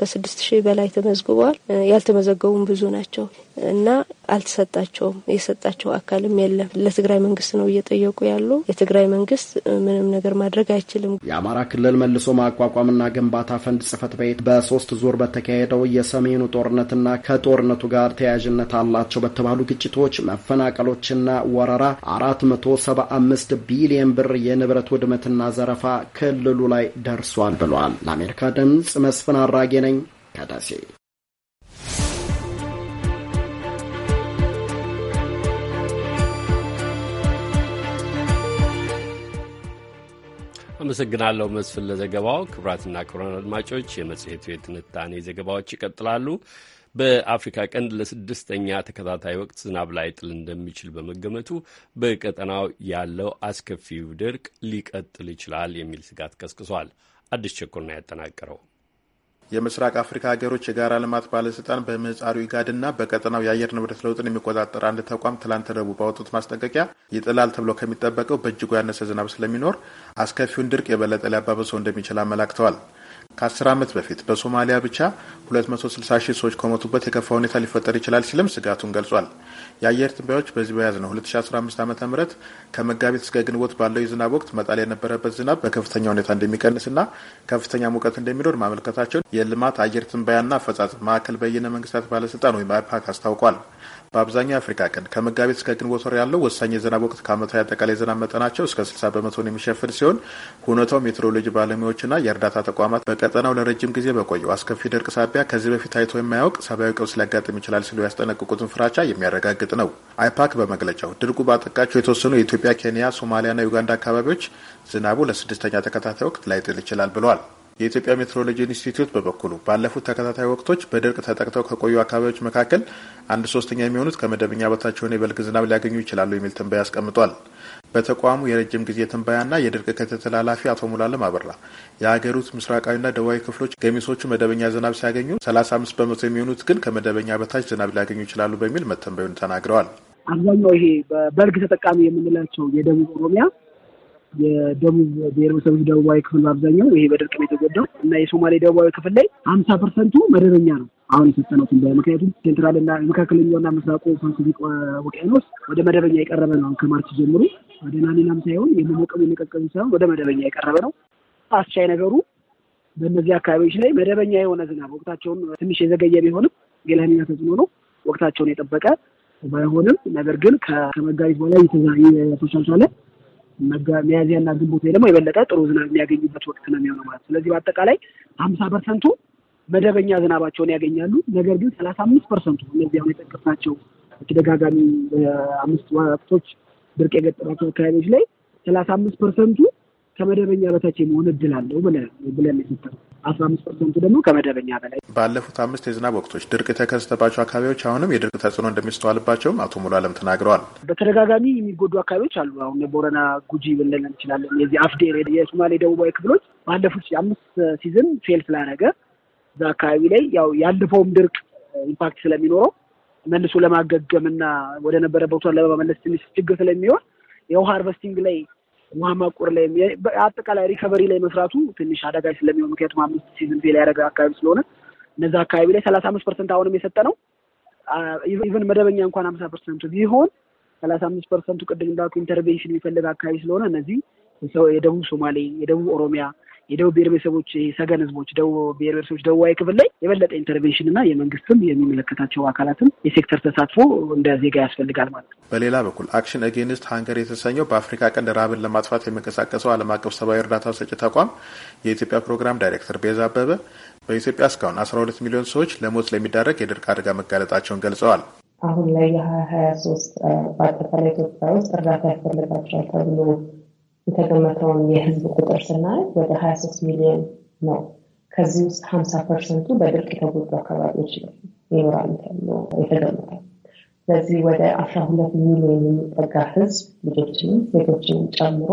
Speaker 4: ከስድስት ሺህ በላይ ተመዝግቧል። ያልተመዘገቡም ብዙ ናቸው እና አልተሰጣቸውም። የሰጣቸው አካልም የለም። ለትግራይ መንግስት ነው እየጠየቁ ያሉ። የትግራይ መንግስት ምንም ነገር ማድረግ አይችልም።
Speaker 6: የአማራ ክልል መልሶ ማቋቋምና ግንባታ ፈንድ ጽህፈት ቤት በሶስት ዙር በተካሄደው የሰሜኑ ጦርነትና ከጦርነቱ ጋር ተያያዥነት አላቸው በተባሉ ግጭቶች፣ መፈናቀሎችና ወረራ አራት መቶ 175 ቢሊየን ብር የንብረት ውድመትና ዘረፋ ክልሉ ላይ ደርሷል ብሏል። ለአሜሪካ ድምፅ መስፍን አራጌ ነኝ ከደሴ።
Speaker 3: አመሰግናለሁ መስፍን ለዘገባው። ክብራትና ክቡራን አድማጮች የመጽሔቱ የትንታኔ ዘገባዎች ይቀጥላሉ። በአፍሪካ ቀንድ ለስድስተኛ ተከታታይ ወቅት ዝናብ ላይ ጥል እንደሚችል በመገመቱ በቀጠናው ያለው አስከፊው ድርቅ ሊቀጥል ይችላል የሚል ስጋት ቀስቅሷል። አዲስ ቸኮልና ያጠናቀረው
Speaker 7: የምስራቅ አፍሪካ ሀገሮች የጋራ ልማት ባለስልጣን በምህጻሩ ኢጋድና በቀጠናው የአየር ንብረት ለውጥን የሚቆጣጠር አንድ ተቋም ትላንት ረቡዕ ባወጡት ማስጠንቀቂያ ይጥላል ተብሎ ከሚጠበቀው በእጅጉ ያነሰ ዝናብ ስለሚኖር አስከፊውን ድርቅ የበለጠ ሊያባበሰው እንደሚችል አመላክተዋል። ከአስር ዓመት በፊት በሶማሊያ ብቻ 260 ሺህ ሰዎች ከሞቱበት የከፋ ሁኔታ ሊፈጠር ይችላል ሲልም ስጋቱን ገልጿል። የአየር ትንባዮች በዚህ በያዝነው 2015 ዓ ም ከመጋቢት እስከ ግንቦት ባለው የዝናብ ወቅት መጣል የነበረበት ዝናብ በከፍተኛ ሁኔታ እንደሚቀንስና ከፍተኛ ሙቀት እንደሚኖር ማመልከታቸውን የልማት አየር ትንባያና አፈጻጽም ማዕከል በይነ መንግስታት ባለስልጣን ወይም አይፓክ አስታውቋል። በአብዛኛው የአፍሪካ ቀንድ ከመጋቢት እስከ ግንቦት ወር ያለው ወሳኝ የዝናብ ወቅት ከአመታዊ አጠቃላይ የዝናብ መጠናቸው እስከ 60 በመቶን የሚሸፍን ሲሆን ሁኔታው ሜትሮሎጂ ባለሙያዎችና የእርዳታ ተቋማት በቀጠናው ለረጅም ጊዜ በቆየው አስከፊ ድርቅ ሳቢያ ከዚህ በፊት ታይቶ የማያውቅ ሰብአዊ ቀውስ ሊያጋጥም ይችላል ሲሉ ያስጠነቅቁትን ፍራቻ የሚያረጋግጥ ነው። አይፓክ በመግለጫው ድርቁ ባጠቃቸው የተወሰኑ የኢትዮጵያ፣ ኬንያ፣ ሶማሊያና ዩጋንዳ አካባቢዎች ዝናቡ ለስድስተኛ ተከታታይ ወቅት ላይጥል ይችላል ብሏል። የኢትዮጵያ ሜትሮሎጂ ኢንስቲትዩት በበኩሉ ባለፉት ተከታታይ ወቅቶች በድርቅ ተጠቅተው ከቆዩ አካባቢዎች መካከል አንድ ሶስተኛ የሚሆኑት ከመደበኛ በታች የሆነ የበልግ ዝናብ ሊያገኙ ይችላሉ የሚል ትንበያ አስቀምጧል። በተቋሙ የረጅም ጊዜ ትንበያና የድርቅ ክትትል ኃላፊ አቶ ሙላለም አበራ የሀገሪቱ ምስራቃዊና ደቡባዊ ክፍሎች ገሚሶቹ መደበኛ ዝናብ ሲያገኙ ሰላሳ አምስት በመቶ የሚሆኑት ግን ከመደበኛ በታች ዝናብ ሊያገኙ ይችላሉ በሚል መተንበዩን ተናግረዋል።
Speaker 2: አብዛኛው ይሄ በበልግ ተጠቃሚ የምንላቸው የደቡብ ኦሮሚያ የደቡብ ብሔረሰቦች ደቡባዊ ክፍል በአብዛኛው ይሄ በድርቅ ነው የተጎዳው እና የሶማሌ ደቡባዊ ክፍል ላይ ሀምሳ ፐርሰንቱ መደበኛ ነው አሁን የሰጠነው ትንበያ። ምክንያቱም መካከለኛው መካከለኛውና ምስራቁ ፓሲፊክ ውቅያኖስ ወደ መደበኛ የቀረበ ነው። ከማርች ጀምሮ ወደ ናሌላም ሳይሆን የመሞቀም የመቀቀም ሳይሆን ወደ መደበኛ የቀረበ ነው። አስቻይ ነገሩ በእነዚህ አካባቢዎች ላይ መደበኛ የሆነ ዝናብ ወቅታቸውን ትንሽ የዘገየ ቢሆንም የላኒና ተጽዕኖ ነው። ወቅታቸውን የጠበቀ ባይሆንም ነገር ግን ከመጋቢት በኋላ የተሻሻለ ሚያዝያና ግንቦት ላይ ደግሞ የበለጠ ጥሩ ዝናብ የሚያገኙበት ወቅት ነው የሚሆነው ማለት። ስለዚህ በአጠቃላይ ሀምሳ ፐርሰንቱ መደበኛ ዝናባቸውን ያገኛሉ። ነገር ግን ሰላሳ አምስት ፐርሰንቱ እነዚህ አሁን የጠቀስናቸው ተደጋጋሚ አምስት ወቅቶች ድርቅ የገጠማቸው አካባቢዎች ላይ ሰላሳ አምስት ፐርሰንቱ ከመደበኛ በታች የመሆን እድል አለው ብለን ብለን የሰጠነው። አስራ አምስት ፐርሰንቱ ደግሞ ከመደበኛ በላይ።
Speaker 7: ባለፉት አምስት የዝናብ ወቅቶች ድርቅ የተከሰተባቸው አካባቢዎች አሁንም የድርቅ ተጽዕኖ እንደሚስተዋልባቸውም አቶ ሙሉ አለም ተናግረዋል።
Speaker 2: በተደጋጋሚ የሚጎዱ አካባቢዎች አሉ። አሁን የቦረና ጉጂ ብንል እንችላለን። የዚህ አፍዴር የሶማሌ ደቡባዊ ክፍሎች ባለፉት አምስት ሲዝን ፌል ስላደረገ እዛ አካባቢ ላይ ያው ያለፈውም ድርቅ ኢምፓክት ስለሚኖረው መልሶ ለማገገም እና ወደ ለመመለስ ትንሽ ችግር ስለሚሆን የውሃ ሃርቨስቲንግ ላይ ውሃ ማቆር ላይ አጠቃላይ ሪከቨሪ ላይ መስራቱ ትንሽ አደጋ ስለሚሆን ምክንያቱም አምስት ሲዝን ፌል ያደረገ አካባቢ ስለሆነ እነዛ አካባቢ ላይ ሰላሳ አምስት ፐርሰንት አሁንም የሰጠ ነው። ኢቨን መደበኛ እንኳን አምሳ ፐርሰንቱ ቢሆን ሰላሳ አምስት ፐርሰንቱ ቅድም እንዳልኩ ኢንተርቬንሽን የሚፈልግ አካባቢ ስለሆነ እነዚህ የደቡብ ሶማሌ፣ የደቡብ ኦሮሚያ የደቡብ ብሔር ብሔረሰቦች ሰገን ህዝቦች ደቡብ ብሔር ብሔረሰቦች ደቡባዊ ክፍል ላይ የበለጠ ኢንተርቬንሽን እና የመንግስትም የሚመለከታቸው አካላትም የሴክተር ተሳትፎ እንደ ዜጋ ያስፈልጋል ማለት ነው።
Speaker 7: በሌላ በኩል አክሽን አጌንስት ሀንገር የተሰኘው በአፍሪካ ቀንድ ረሃብን ለማጥፋት የሚንቀሳቀሰው ዓለም አቀፍ ሰብአዊ እርዳታ ሰጪ ተቋም የኢትዮጵያ ፕሮግራም ዳይሬክተር ቤዛ አበበ በኢትዮጵያ እስካሁን 12 ሚሊዮን ሰዎች ለሞት ለሚዳረግ የድርቅ አደጋ መጋለጣቸውን ገልጸዋል።
Speaker 9: አሁን ላይ የሀያ ሀያ ሶስት በአጠቃላይ ኢትዮጵያ ውስጥ እርዳታ ያስፈልጋቸዋል ተብሎ የተገመተውን የህዝብ ቁጥር ስናይ ወደ 23 ሚሊዮን ነው። ከዚህ ውስጥ 50 ፐርሰንቱ በድርቅ የተጎዱ አካባቢዎች ይኖራሉ ተብሎ ስለዚህ ወደ 12 ሚሊዮን የሚጠጋ ህዝብ ልጆችንም ሴቶችንም ጨምሮ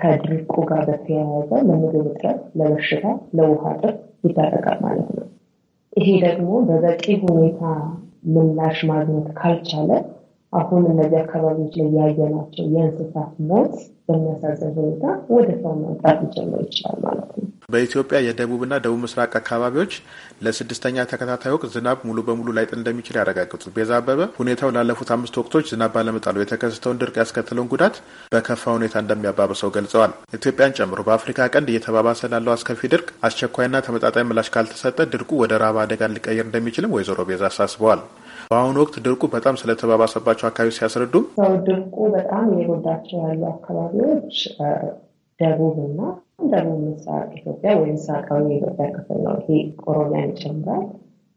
Speaker 9: ከድርቁ ጋር በተያያዘ ለምግብ እጥረት፣ ለበሽታ፣ ለውሃ እጥረት ይዳረጋል ማለት ነው። ይሄ ደግሞ በበቂ ሁኔታ ምላሽ ማግኘት ካልቻለ አሁን እነዚህ አካባቢዎች ላይ ያየናቸው የእንስሳት ሞት በሚያሳዝን ሁኔታ ወደ ሰው መምጣት ሊጀምር ይችላል ማለት ነው።
Speaker 7: በኢትዮጵያ የደቡብና ደቡብ ምስራቅ አካባቢዎች ለስድስተኛ ተከታታይ ወቅት ዝናብ ሙሉ በሙሉ ላይጥል እንደሚችል ያረጋግጡ ቤዛ አበበ ሁኔታው ላለፉት አምስት ወቅቶች ዝናብ ባለመጣሉ የተከሰተውን ድርቅ ያስከተለውን ጉዳት በከፋ ሁኔታ እንደሚያባብሰው ገልጸዋል። ኢትዮጵያን ጨምሮ በአፍሪካ ቀንድ እየተባባሰ ላለው አስከፊ ድርቅ አስቸኳይና ተመጣጣኝ ምላሽ ካልተሰጠ ድርቁ ወደ ረሃብ አደጋ ሊቀየር እንደሚችልም ወይዘሮ ቤዛ አሳስበዋል። በአሁኑ ወቅት ድርቁ በጣም ስለተባባሰባቸው አካባቢ ሲያስረዱም
Speaker 9: ድርቁ በጣም የጎዳቸው ያሉ አካባቢዎች ደቡብ እና ደቡብ ምስራቅ ኢትዮጵያ ወይም ምስራቃዊ የኢትዮጵያ ክፍል ነው። ይሄ ኦሮሚያን ይጨምራል።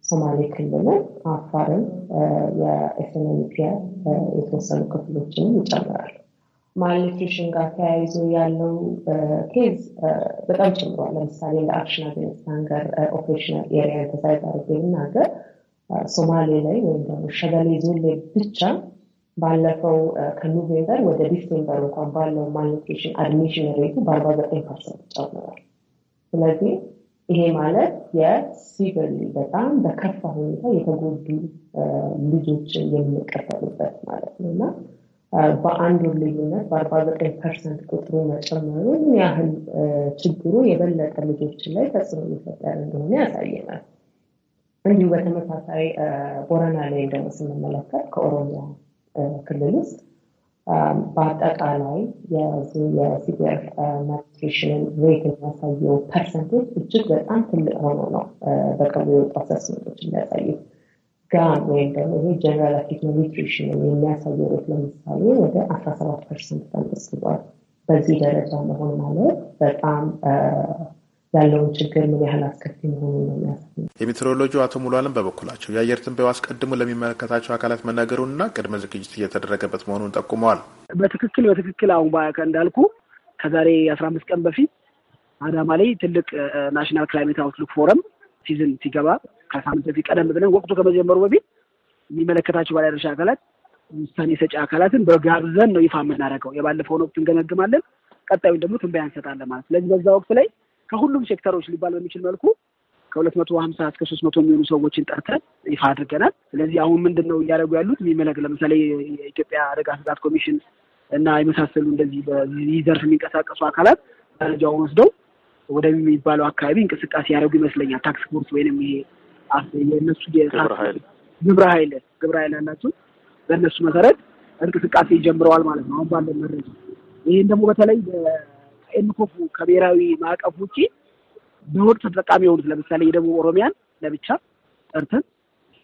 Speaker 9: ሶማሌ ክልልን፣ አፋርን፣ የኤስኤንኤምፒያ የተወሰኑ ክፍሎችንም ይጨምራል። ማልኒትሪሽን ጋር ተያይዞ ያለው ኬዝ በጣም ጨምሯል። ለምሳሌ ለአክሽን አገኒስት ሀንገር ኦፕሬሽናል ኤሪያ ተሳይዝ አድርጌ ብናገር ሶማሌ ላይ ወይም ደግሞ ሸበሌ ዞን ላይ ብቻ ባለፈው ከኖቬምበር ወደ ዲሴምበር እንኳን ባለው ማልኒትሪሽን አድሚሽን ሬቱ በአርባ ዘጠኝ ፐርሰንት ጨምሯል። ስለዚህ ይሄ ማለት የሲቪል በጣም በከፋ ሁኔታ የተጎዱ ልጆችን የምንቀበሉበት ማለት ነው እና በአንድ ወር ልዩነት በአርባ ዘጠኝ ፐርሰንት ቁጥሩ መጨመሩ ምን ያህል ችግሩ የበለጠ ልጆችን ላይ ተጽዕኖ እየፈጠረ እንደሆነ ያሳየናል። እንዲሁ በተመሳሳይ ቦረና ላይ ደግሞ ስንመለከት ከኦሮሚያ ክልል ውስጥ በአጠቃላይ የዚህ የሲቪር ማስትሬሽንን ሬት የሚያሳየው ፐርሰንቶች እጅግ በጣም ትልቅ ሆኖ ነው በቅርቡ የወጡ አሰስመንቶች የሚያሳዩት። ጋን ወይም ደግሞ ይሄ ጀነራል አኪት ኒትሪሽንን የሚያሳየው ሬት ለምሳሌ ወደ አስራ ሰባት ፐርሰንት ተንጠስቷል። በዚህ ደረጃ መሆን ማለት በጣም ያለውን ችግር ምን ያህል አስከፊ መሆኑ ነው የሚያስ
Speaker 7: የሜትሮሎጂ አቶ ሙሉ አለም በበኩላቸው የአየር ትንበያው አስቀድሞ ለሚመለከታቸው አካላት መናገሩንና ቅድመ ዝግጅት እየተደረገበት መሆኑን ጠቁመዋል።
Speaker 2: በትክክል በትክክል አሁን እንዳልኩ ከዛሬ አስራ አምስት ቀን በፊት አዳማ ላይ ትልቅ ናሽናል ክላይሜት አውትሉክ ፎረም ሲዝን ሲገባ ከሳምንት በፊት ቀደም ብለን ወቅቱ ከመጀመሩ በፊት የሚመለከታቸው ባለድርሻ አካላት ውሳኔ ሰጪ አካላትን በጋብዘን ነው ይፋ የምናደርገው። የባለፈውን ወቅት እንገመግማለን፣ ቀጣዩን ደግሞ ትንበያ እንሰጣለን ማለት ስለዚህ በዛ ወቅት ላይ ከሁሉም ሴክተሮች ሊባል በሚችል መልኩ ከሁለት መቶ ሀምሳ እስከ ሶስት መቶ የሚሆኑ ሰዎችን ጠርተን ይፋ አድርገናል። ስለዚህ አሁን ምንድን ነው እያደረጉ ያሉት የሚመለክ ለምሳሌ የኢትዮጵያ አደጋ ስጋት ኮሚሽን እና የመሳሰሉ እንደዚህ በዚህ ዘርፍ የሚንቀሳቀሱ አካላት መረጃውን ወስደው ወደሚባለው አካባቢ እንቅስቃሴ ያደረጉ ይመስለኛል። ታክስ ፎርስ ወይንም ይሄ የእነሱ ግብረ ኃይል ግብረ ኃይል ያላቸው በእነሱ መሰረት እንቅስቃሴ ጀምረዋል ማለት ነው አሁን ባለን መረጃ ይህን ደግሞ በተለይ ከኤምኮፉ ከብሔራዊ ማዕቀፍ ውጭ በወቅት ተጠቃሚ የሆኑት ለምሳሌ የደቡብ ኦሮሚያን ለብቻ ጠርተን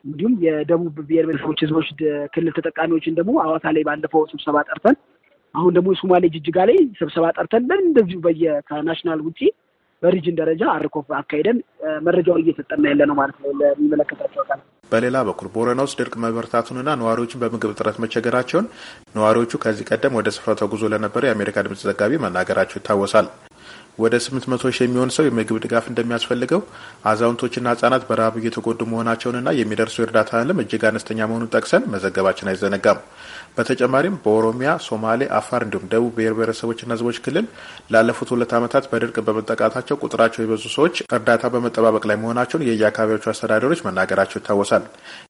Speaker 2: እንዲሁም የደቡብ ብሔር ብሔረሰቦች ህዝቦች ክልል ተጠቃሚዎችን ደግሞ አዋሳ ላይ ባለፈው ስብሰባ ጠርተን አሁን ደግሞ የሶማሌ ጅጅጋ ላይ ስብሰባ ጠርተን እንደዚሁ በየ ከናሽናል ውጪ በሪጅን ደረጃ አርኮፍ አካሄደን መረጃውን እየሰጠና ያለ ነው ማለት ነው ለሚመለከታቸው አካል።
Speaker 7: በሌላ በኩል ቦረና ውስጥ ድርቅ መበርታቱንና ነዋሪዎችን በምግብ እጥረት መቸገራቸውን ነዋሪዎቹ ከዚህ ቀደም ወደ ስፍራው ተጉዞ ለነበረው የአሜሪካ ድምጽ ዘጋቢ መናገራቸው ይታወሳል። ወደ 800 ሺህ የሚሆን ሰው የምግብ ድጋፍ እንደሚያስፈልገው አዛውንቶችና ህጻናት በረሃብ እየተጎዱ መሆናቸውንና የሚደርሱ የእርዳታ እህልም እጅግ አነስተኛ መሆኑን ጠቅሰን መዘገባችን አይዘነጋም። በተጨማሪም በኦሮሚያ፣ ሶማሌ፣ አፋር እንዲሁም ደቡብ ብሔር ብሔረሰቦችና ህዝቦች ክልል ላለፉት ሁለት ዓመታት በድርቅ በመጠቃታቸው ቁጥራቸው የበዙ ሰዎች እርዳታ በመጠባበቅ ላይ መሆናቸውን የየአካባቢዎቹ አስተዳደሮች መናገራቸው ይታወሳል።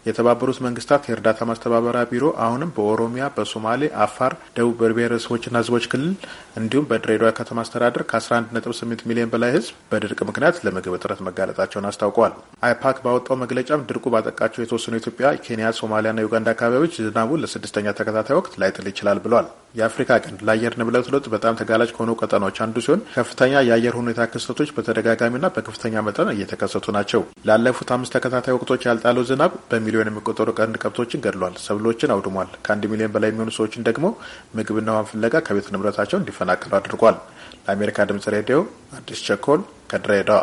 Speaker 7: የተባበሩት መንግስታት የእርዳታ ማስተባበሪያ ቢሮ አሁንም በኦሮሚያ፣ በሶማሌ፣ አፋር፣ ደቡብ ብሔር ብሔረሰቦችና ህዝቦች ክልል እንዲሁም በድሬዳዋ ከተማ አስተዳደር ከ11.8 ሚሊዮን በላይ ህዝብ በድርቅ ምክንያት ለምግብ እጥረት መጋለጣቸውን አስታውቀዋል። አይፓክ ባወጣው መግለጫም ድርቁ ባጠቃቸው የተወሰኑ ኢትዮጵያ፣ ኬንያ፣ ሶማሊያና ዩጋንዳ አካባቢዎች ዝናቡ ለስድስተኛ ተከታ ተከታታይ ወቅት ላይጥል ይችላል ብሏል። የአፍሪካ ቀንድ ለአየር ንብረት ለውጥ በጣም ተጋላጭ ከሆኑ ቀጠናዎች አንዱ ሲሆን ከፍተኛ የአየር ሁኔታ ክስተቶች በተደጋጋሚና በከፍተኛ መጠን እየተከሰቱ ናቸው። ላለፉት አምስት ተከታታይ ወቅቶች ያልጣለው ዝናብ በሚሊዮን የሚቆጠሩ ቀንድ ከብቶችን ገድሏል፣ ሰብሎችን አውድሟል። ከአንድ ሚሊዮን በላይ የሚሆኑ ሰዎችን ደግሞ ምግብና ውሃን ፍለጋ ከቤት ንብረታቸው እንዲፈናቀሉ አድርጓል። ለአሜሪካ ድምጽ ሬዲዮ አዲስ ቸኮል ከድሬዳዋ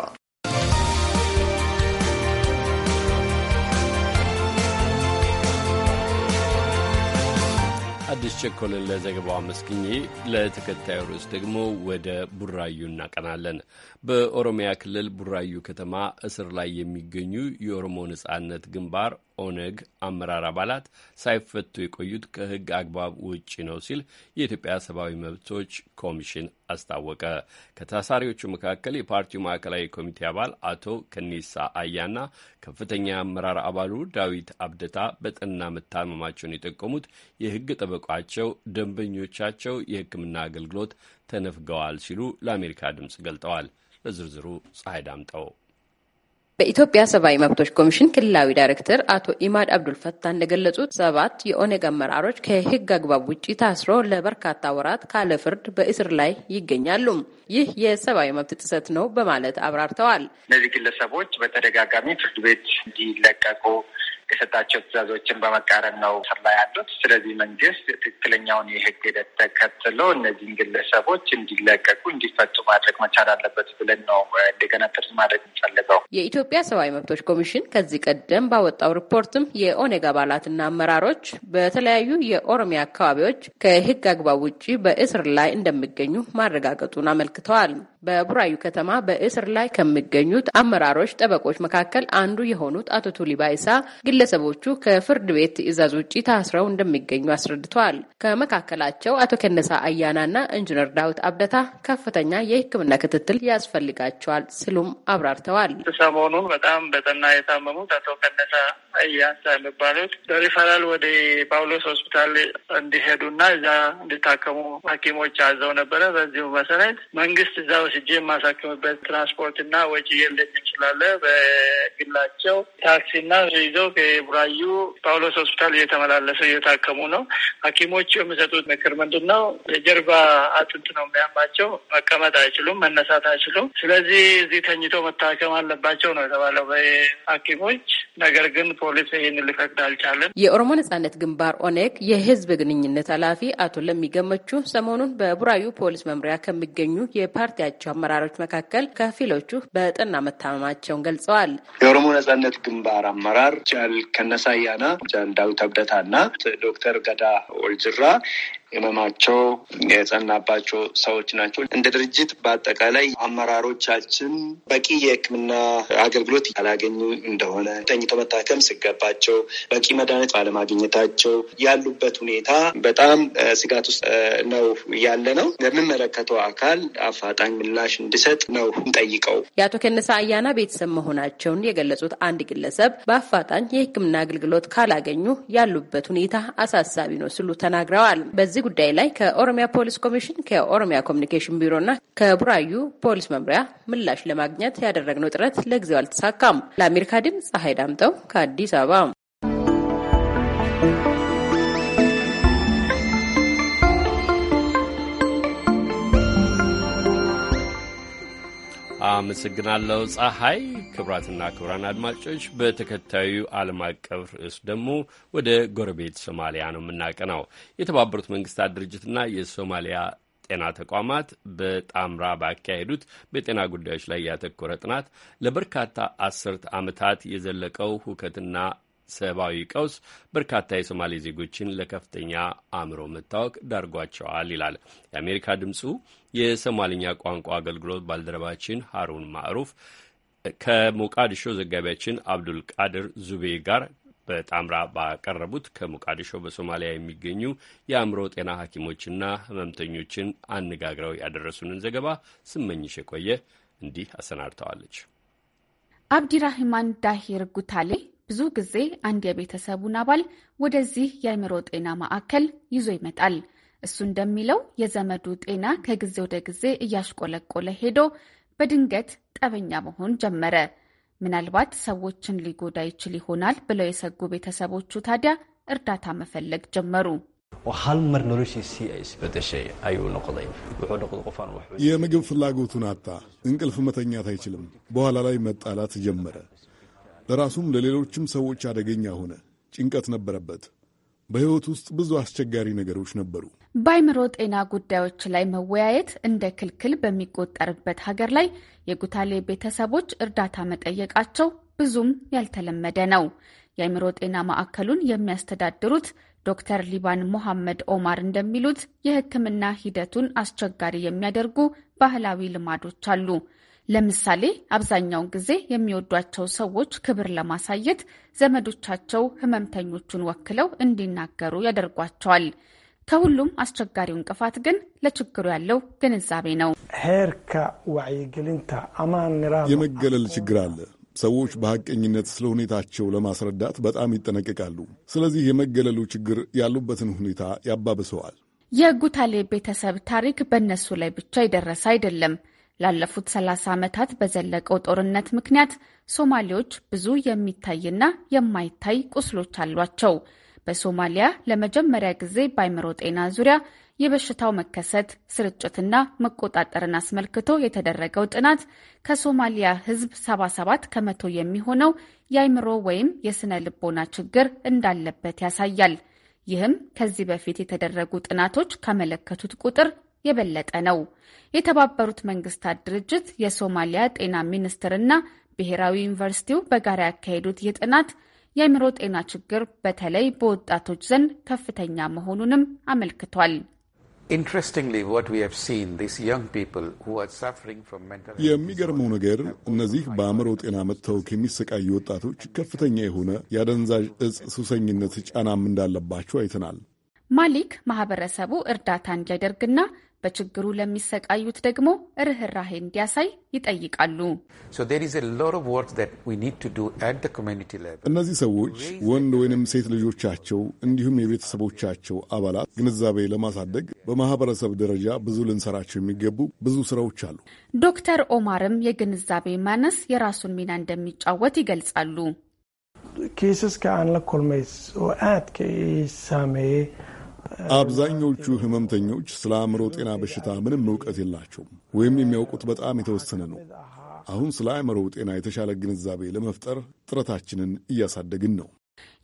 Speaker 3: አዲስ ቸኮልን ለዘገባው አመስግኝ። ለተከታዩ ርዕስ ደግሞ ወደ ቡራዩ እናቀናለን። በኦሮሚያ ክልል ቡራዩ ከተማ እስር ላይ የሚገኙ የኦሮሞ ነጻነት ግንባር ኦነግ አመራር አባላት ሳይፈቱ የቆዩት ከሕግ አግባብ ውጪ ነው ሲል የኢትዮጵያ ሰብአዊ መብቶች ኮሚሽን አስታወቀ። ከታሳሪዎቹ መካከል የፓርቲው ማዕከላዊ ኮሚቴ አባል አቶ ከኒሳ አያና ከፍተኛ አመራር አባሉ ዳዊት አብደታ በጠና መታመማቸውን የጠቆሙት የሕግ ጠበቃቸው ደንበኞቻቸው የሕክምና አገልግሎት ተነፍገዋል ሲሉ ለአሜሪካ ድምፅ ገልጠዋል። ለዝርዝሩ ፀሐይ ዳምጠው
Speaker 10: በኢትዮጵያ ሰብአዊ መብቶች ኮሚሽን ክልላዊ ዳይሬክተር አቶ ኢማድ አብዱልፈታ እንደገለጹት ሰባት የኦነግ አመራሮች ከህግ አግባብ ውጭ ታስሮ ለበርካታ ወራት ካለ ፍርድ በእስር ላይ ይገኛሉ። ይህ የሰብአዊ መብት ጥሰት ነው በማለት አብራርተዋል።
Speaker 8: እነዚህ ግለሰቦች በተደጋጋሚ ፍርድ ቤት እንዲለቀቁ የሰጣቸው ትእዛዞችን በመቃረን ነው ስር ላይ ያሉት። ስለዚህ መንግስት ትክክለኛውን የህግ ሂደት ተከትሎ እነዚህን ግለሰቦች እንዲለቀቁ፣ እንዲፈቱ ማድረግ መቻል አለበት ብለን ነው እንደገና ጥርስ ማድረግ እንፈልገው።
Speaker 10: የኢትዮጵያ ሰብአዊ መብቶች ኮሚሽን ከዚህ ቀደም ባወጣው ሪፖርትም የኦኔግ አባላትና አመራሮች በተለያዩ የኦሮሚያ አካባቢዎች ከህግ አግባብ ውጭ በእስር ላይ እንደሚገኙ ማረጋገጡን አመልክተዋል። በቡራዩ ከተማ በእስር ላይ ከሚገኙት አመራሮች ጠበቆች መካከል አንዱ የሆኑት አቶ ቱሊ ባይሳ ግለ ግለሰቦቹ ከፍርድ ቤት ትዕዛዝ ውጭ ታስረው እንደሚገኙ አስረድተዋል። ከመካከላቸው አቶ ከነሳ አያናና ኢንጂነር ዳዊት አብደታ ከፍተኛ የሕክምና ክትትል ያስፈልጋቸዋል ሲሉም አብራርተዋል።
Speaker 1: ሰሞኑን በጣም በጠና የታመሙት
Speaker 11: አቶ ከነሳ እያሳ የሚባሉት በሪፈራል ወደ ጳውሎስ ሆስፒታል እንዲሄዱና እዛ እንዲታከሙ ሐኪሞች አዘው ነበረ። በዚሁ መሰረት መንግስት እዛ ወስጄ የማሳክምበት ትራንስፖርትና ወጪ የለኝም ስላለ በግላቸው ታክሲና ይዘው ከቡራዩ ጳውሎስ ሆስፒታል እየተመላለሰ እየታከሙ ነው። ሐኪሞቹ የሚሰጡት ምክር ምንድን ነው? የጀርባ አጥንት ነው የሚያማቸው፣ መቀመጥ አይችሉም፣ መነሳት አይችሉም። ስለዚህ እዚህ ተኝቶ መታከም አለባቸው ነው የተባለው በሐኪሞች
Speaker 8: ነገር ግን ፖሊሲ ይህን ልፈቅድ አልቻለም።
Speaker 10: የኦሮሞ ነጻነት ግንባር ኦኔግ የህዝብ ግንኙነት ኃላፊ አቶ ለሚገመቹ ሰሞኑን በቡራዩ ፖሊስ መምሪያ ከሚገኙ የፓርቲያቸው አመራሮች መካከል ከፊሎቹ በጠና መታመማቸውን ገልጸዋል።
Speaker 8: የኦሮሞ ነጻነት ግንባር
Speaker 6: አመራር ጃል ከነሳያና ጃል ዳዊት አብደታና ዶክተር ገዳ ኦልጅራ ህመማቸው የጸናባቸው ሰዎች ናቸው። እንደ ድርጅት በአጠቃላይ አመራሮቻችን በቂ የህክምና አገልግሎት ያላገኙ እንደሆነ ተኝቶ መታከም ሲገባቸው በቂ መድኃኒት ባለማግኘታቸው ያሉበት ሁኔታ በጣም ስጋት ውስጥ ነው ያለ ነው። ለሚመለከተው አካል አፋጣኝ ምላሽ
Speaker 12: እንዲሰጥ ነው እንጠይቀው።
Speaker 10: የአቶ ከነሳ አያና ቤተሰብ መሆናቸውን የገለጹት አንድ ግለሰብ በአፋጣኝ የህክምና አገልግሎት ካላገኙ ያሉበት ሁኔታ አሳሳቢ ነው ሲሉ ተናግረዋል። በዚህ በዚህ ጉዳይ ላይ ከኦሮሚያ ፖሊስ ኮሚሽን፣ ከኦሮሚያ ኮሚኒኬሽን ቢሮና ከቡራዩ ፖሊስ መምሪያ ምላሽ ለማግኘት ያደረግነው ጥረት ለጊዜው አልተሳካም። ለአሜሪካ ድምፅ ፀሐይ ዳምጠው ከአዲስ አበባ
Speaker 3: አመሰግናለሁ ፀሐይ። ክብራትና ክብራን አድማጮች በተከታዩ ዓለም አቀፍ ርዕስ ደግሞ ወደ ጎረቤት ሶማሊያ ነው የምናቀናው። የተባበሩት መንግስታት ድርጅትና የሶማሊያ ጤና ተቋማት በጣምራ ባካሄዱት በጤና ጉዳዮች ላይ ያተኮረ ጥናት ለበርካታ አስርት ዓመታት የዘለቀው ሁከትና ሰብአዊ ቀውስ በርካታ የሶማሌ ዜጎችን ለከፍተኛ አእምሮ መታወክ ዳርጓቸዋል ይላል የአሜሪካ ድምፁ የሶማልኛ ቋንቋ አገልግሎት ባልደረባችን ሀሩን ማዕሩፍ ከሞቃዲሾ ዘጋቢያችን አብዱል ቃድር ዙቤ ጋር በጣምራ ባቀረቡት ከሞቃዲሾ በሶማሊያ የሚገኙ የአእምሮ ጤና ሐኪሞችና ህመምተኞችን አነጋግረው ያደረሱንን ዘገባ ስመኝሽ የቆየ እንዲህ አሰናድተዋለች።
Speaker 13: አብዲራህማን ዳሂር ጉታሌ ብዙ ጊዜ አንድ የቤተሰቡን አባል ወደዚህ የአእምሮ ጤና ማዕከል ይዞ ይመጣል። እሱ እንደሚለው የዘመዱ ጤና ከጊዜ ወደ ጊዜ እያሽቆለቆለ ሄዶ በድንገት ጠበኛ መሆን ጀመረ። ምናልባት ሰዎችን ሊጎዳ ይችል ይሆናል ብለው የሰጉ ቤተሰቦቹ ታዲያ እርዳታ መፈለግ ጀመሩ።
Speaker 14: የምግብ ፍላጎቱን አጣ። እንቅልፍ መተኛት አይችልም። በኋላ ላይ መጣላት ጀመረ። ለራሱም ለሌሎችም ሰዎች አደገኛ ሆነ። ጭንቀት ነበረበት። በሕይወት ውስጥ ብዙ አስቸጋሪ ነገሮች ነበሩ።
Speaker 13: በአይምሮ ጤና ጉዳዮች ላይ መወያየት እንደ ክልክል በሚቆጠርበት ሀገር ላይ የጉታሌ ቤተሰቦች እርዳታ መጠየቃቸው ብዙም ያልተለመደ ነው። የአይምሮ ጤና ማዕከሉን የሚያስተዳድሩት ዶክተር ሊባን ሞሐመድ ኦማር እንደሚሉት የሕክምና ሂደቱን አስቸጋሪ የሚያደርጉ ባህላዊ ልማዶች አሉ። ለምሳሌ አብዛኛውን ጊዜ የሚወዷቸው ሰዎች ክብር ለማሳየት ዘመዶቻቸው ህመምተኞቹን ወክለው እንዲናገሩ ያደርጓቸዋል። ከሁሉም አስቸጋሪው እንቅፋት ግን ለችግሩ ያለው ግንዛቤ ነው።
Speaker 11: ሄርካ አማንራ የመገለል
Speaker 14: ችግር አለ። ሰዎች በሐቀኝነት ስለ ሁኔታቸው ለማስረዳት በጣም ይጠነቀቃሉ። ስለዚህ የመገለሉ ችግር ያሉበትን ሁኔታ ያባብሰዋል።
Speaker 13: የጉታሌ ቤተሰብ ታሪክ በእነሱ ላይ ብቻ የደረሰ አይደለም። ላለፉት 30 ዓመታት በዘለቀው ጦርነት ምክንያት ሶማሌዎች ብዙ የሚታይና የማይታይ ቁስሎች አሏቸው። በሶማሊያ ለመጀመሪያ ጊዜ በአይምሮ ጤና ዙሪያ የበሽታው መከሰት ስርጭትና መቆጣጠርን አስመልክቶ የተደረገው ጥናት ከሶማሊያ ሕዝብ 77 ከመቶ የሚሆነው የአይምሮ ወይም የስነ ልቦና ችግር እንዳለበት ያሳያል። ይህም ከዚህ በፊት የተደረጉ ጥናቶች ካመለከቱት ቁጥር የበለጠ ነው። የተባበሩት መንግስታት ድርጅት የሶማሊያ ጤና ሚኒስትርና ብሔራዊ ዩኒቨርሲቲው በጋራ ያካሄዱት ይህ ጥናት የአእምሮ ጤና ችግር በተለይ በወጣቶች ዘንድ ከፍተኛ መሆኑንም አመልክቷል።
Speaker 14: የሚገርመው ነገር እነዚህ በአእምሮ ጤና መጥተው ከሚሰቃዩ ወጣቶች ከፍተኛ የሆነ የአደንዛዥ እጽ ሱሰኝነት ጫናም እንዳለባቸው አይተናል።
Speaker 13: ማሊክ ማህበረሰቡ እርዳታ እንዲያደርግና በችግሩ ለሚሰቃዩት ደግሞ ርኅራሄ እንዲያሳይ ይጠይቃሉ።
Speaker 14: እነዚህ ሰዎች ወንድ ወይንም ሴት ልጆቻቸው እንዲሁም የቤተሰቦቻቸው አባላት ግንዛቤ ለማሳደግ በማህበረሰብ ደረጃ ብዙ ልንሰራቸው የሚገቡ ብዙ ስራዎች አሉ።
Speaker 13: ዶክተር ኦማርም የግንዛቤ ማነስ የራሱን ሚና እንደሚጫወት ይገልጻሉ።
Speaker 11: ኮልሜስ
Speaker 14: አብዛኞቹ ህመምተኞች ስለ አእምሮ ጤና በሽታ ምንም እውቀት የላቸውም ወይም የሚያውቁት በጣም የተወሰነ ነው። አሁን ስለ አእምሮ ጤና የተሻለ ግንዛቤ ለመፍጠር ጥረታችንን
Speaker 3: እያሳደግን ነው።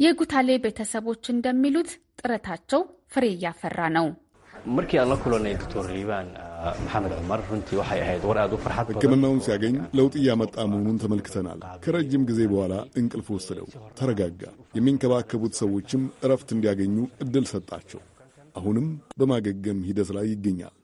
Speaker 13: የጉታሌ ቤተሰቦች እንደሚሉት ጥረታቸው ፍሬ እያፈራ ነው።
Speaker 3: ሕክምናውን
Speaker 14: ሲያገኝ ለውጥ እያመጣ መሆኑን ተመልክተናል። ከረጅም ጊዜ በኋላ እንቅልፍ ወሰደው፣ ተረጋጋ። የሚንከባከቡት ሰዎችም እረፍት እንዲያገኙ እድል ሰጣቸው። አሁንም በማገገም ሂደት ላይ ይገኛል።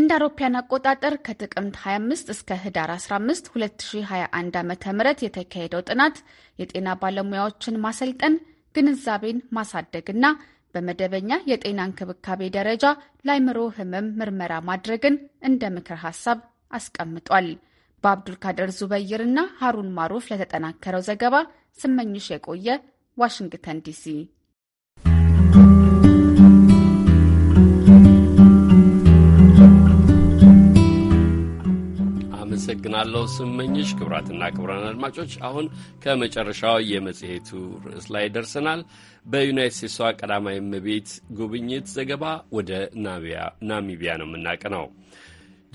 Speaker 13: እንደ አውሮፓያን አቆጣጠር ከጥቅምት 25 እስከ ህዳር 15 2021 ዓ ም የተካሄደው ጥናት የጤና ባለሙያዎችን ማሰልጠን፣ ግንዛቤን ማሳደግና በመደበኛ የጤና እንክብካቤ ደረጃ ለአይምሮ ህመም ምርመራ ማድረግን እንደ ምክር ሀሳብ አስቀምጧል። በአብዱልካደር ዙበይር እና ሀሩን ማሩፍ ለተጠናከረው ዘገባ ስመኝሽ የቆየ ዋሽንግተን ዲሲ
Speaker 3: አመሰግናለሁ ስመኝሽ። ክቡራትና ክቡራን አድማጮች አሁን ከመጨረሻው የመጽሔቱ ርዕስ ላይ ደርሰናል። በዩናይት ስቴትሷ ቀዳማዊ እመቤት ጉብኝት ዘገባ ወደ ናሚቢያ ነው የምናቀነው።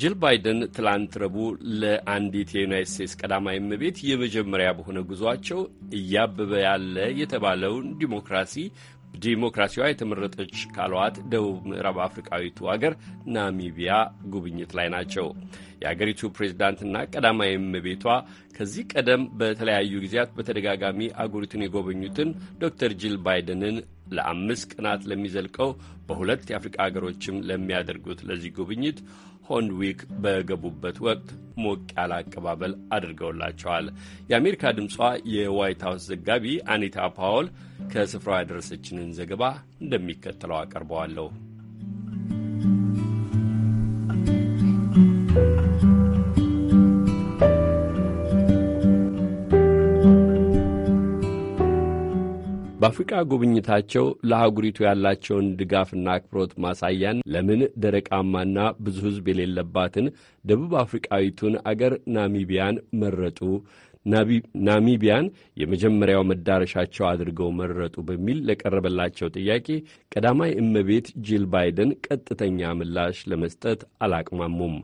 Speaker 3: ጅል ባይደን ትላንት ረቡዕ ለአንዲት የዩናይት ስቴትስ ቀዳማዊ እመቤት የመጀመሪያ በሆነ ጉዟቸው እያበበ ያለ የተባለውን ዲሞክራሲ ዲሞክራሲዋ የተመረጠች ካሏት ደቡብ ምዕራብ አፍሪካዊቱ አገር ናሚቢያ ጉብኝት ላይ ናቸው። የአገሪቱ ፕሬዝዳንትና ቀዳማዊ እመቤቷ ከዚህ ቀደም በተለያዩ ጊዜያት በተደጋጋሚ አገሪቱን የጎበኙትን ዶክተር ጂል ባይደንን ለአምስት ቀናት ለሚዘልቀው በሁለት የአፍሪካ አገሮችም ለሚያደርጉት ለዚህ ጉብኝት ሆንድዊክ በገቡበት ወቅት ሞቅ ያለ አቀባበል አድርገውላቸዋል። የአሜሪካ ድምጿ የዋይት ሀውስ ዘጋቢ አኒታ ፓውል ከስፍራው ያደረሰችንን ዘገባ እንደሚከተለው አቀርበዋለሁ። በአፍሪቃ ጉብኝታቸው ለአህጉሪቱ ያላቸውን ድጋፍና አክብሮት ማሳያን ለምን ደረቃማና ብዙ ሕዝብ የሌለባትን ደቡብ አፍሪቃዊቱን አገር ናሚቢያን መረጡ? ናሚቢያን የመጀመሪያው መዳረሻቸው አድርገው መረጡ በሚል ለቀረበላቸው ጥያቄ ቀዳማይ እመቤት ጂል ባይደን ቀጥተኛ ምላሽ ለመስጠት አላቅማሙም።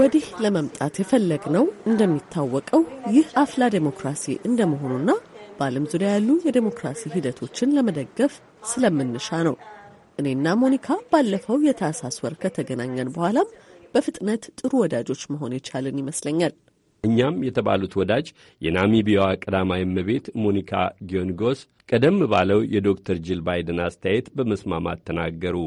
Speaker 15: ወዲህ ለመምጣት የፈለግነው እንደሚታወቀው ይህ አፍላ ዴሞክራሲ እንደመሆኑና በዓለም ዙሪያ ያሉ የዴሞክራሲ ሂደቶችን ለመደገፍ ስለምንሻ ነው። እኔና ሞኒካ ባለፈው የታህሳስ ወር ከተገናኘን በኋላም በፍጥነት ጥሩ ወዳጆች መሆን የቻልን ይመስለኛል።
Speaker 3: እኛም የተባሉት ወዳጅ የናሚቢያዋ ቀዳማዊ እመቤት ሞኒካ ጊዮንጎስ ቀደም ባለው የዶክተር ጂል ባይደን አስተያየት በመስማማት ተናገሩ።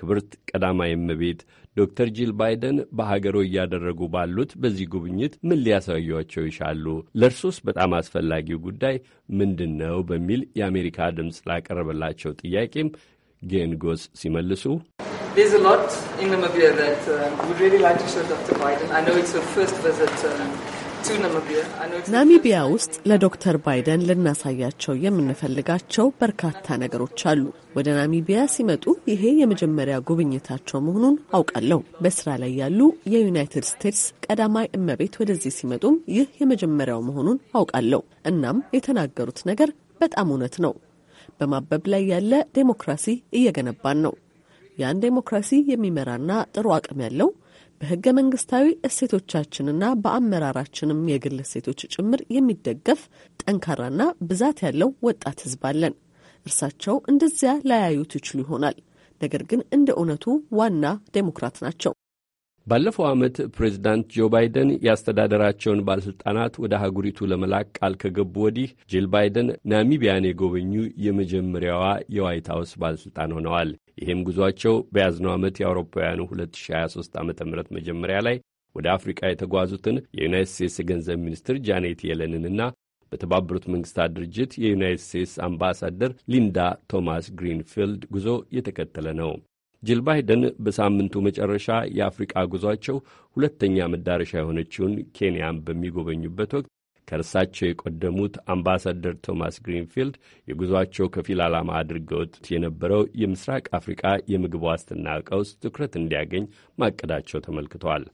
Speaker 3: ክብርት ቀዳማዊት እመቤት ዶክተር ጂል ባይደን በሀገሮ እያደረጉ ባሉት በዚህ ጉብኝት ምን ሊያሳዩቸው ይሻሉ? ለእርሶስ በጣም አስፈላጊው ጉዳይ ምንድን ነው? በሚል የአሜሪካ ድምፅ ላቀረበላቸው ጥያቄም ጌንጎስ ሲመልሱ
Speaker 15: ናሚቢያ ውስጥ ለዶክተር ባይደን ልናሳያቸው የምንፈልጋቸው በርካታ ነገሮች አሉ። ወደ ናሚቢያ ሲመጡ ይሄ የመጀመሪያ ጉብኝታቸው መሆኑን አውቃለሁ። በስራ ላይ ያሉ የዩናይትድ ስቴትስ ቀዳማይ እመቤት ወደዚህ ሲመጡም ይህ የመጀመሪያው መሆኑን አውቃለሁ። እናም የተናገሩት ነገር በጣም እውነት ነው። በማበብ ላይ ያለ ዴሞክራሲ እየገነባን ነው። ያን ዴሞክራሲ የሚመራና ጥሩ አቅም ያለው በህገ መንግስታዊ እሴቶቻችንና በአመራራችንም የግል እሴቶች ጭምር የሚደገፍ ጠንካራና ብዛት ያለው ወጣት ህዝብ አለን። እርሳቸው እንደዚያ ላያዩት ይችሉ ይሆናል። ነገር ግን እንደ እውነቱ ዋና ዴሞክራት ናቸው።
Speaker 3: ባለፈው ዓመት ፕሬዚዳንት ጆ ባይደን የአስተዳደራቸውን ባለሥልጣናት ወደ አህጉሪቱ ለመላክ ቃል ከገቡ ወዲህ ጂል ባይደን ናሚቢያን የጎበኙ የመጀመሪያዋ የዋይት ሀውስ ባለሥልጣን ሆነዋል። ይህም ጉዟቸው በያዝነው ዓመት የአውሮፓውያኑ 2023 ዓ ም መጀመሪያ ላይ ወደ አፍሪቃ የተጓዙትን የዩናይት ስቴትስ የገንዘብ ሚኒስትር ጃኔት የለንንና በተባበሩት መንግስታት ድርጅት የዩናይት ስቴትስ አምባሳደር ሊንዳ ቶማስ ግሪንፊልድ ጉዞ የተከተለ ነው። ጂል ባይደን በሳምንቱ መጨረሻ የአፍሪቃ ጉዟቸው ሁለተኛ መዳረሻ የሆነችውን ኬንያን በሚጎበኙበት ወቅት ከእርሳቸው የቀደሙት አምባሳደር ቶማስ ግሪንፊልድ የጉዟቸው ከፊል ዓላማ አድርገውት የነበረው የምስራቅ አፍሪቃ የምግብ ዋስትና ቀውስ ትኩረት እንዲያገኝ ማቀዳቸው ተመልክተዋል።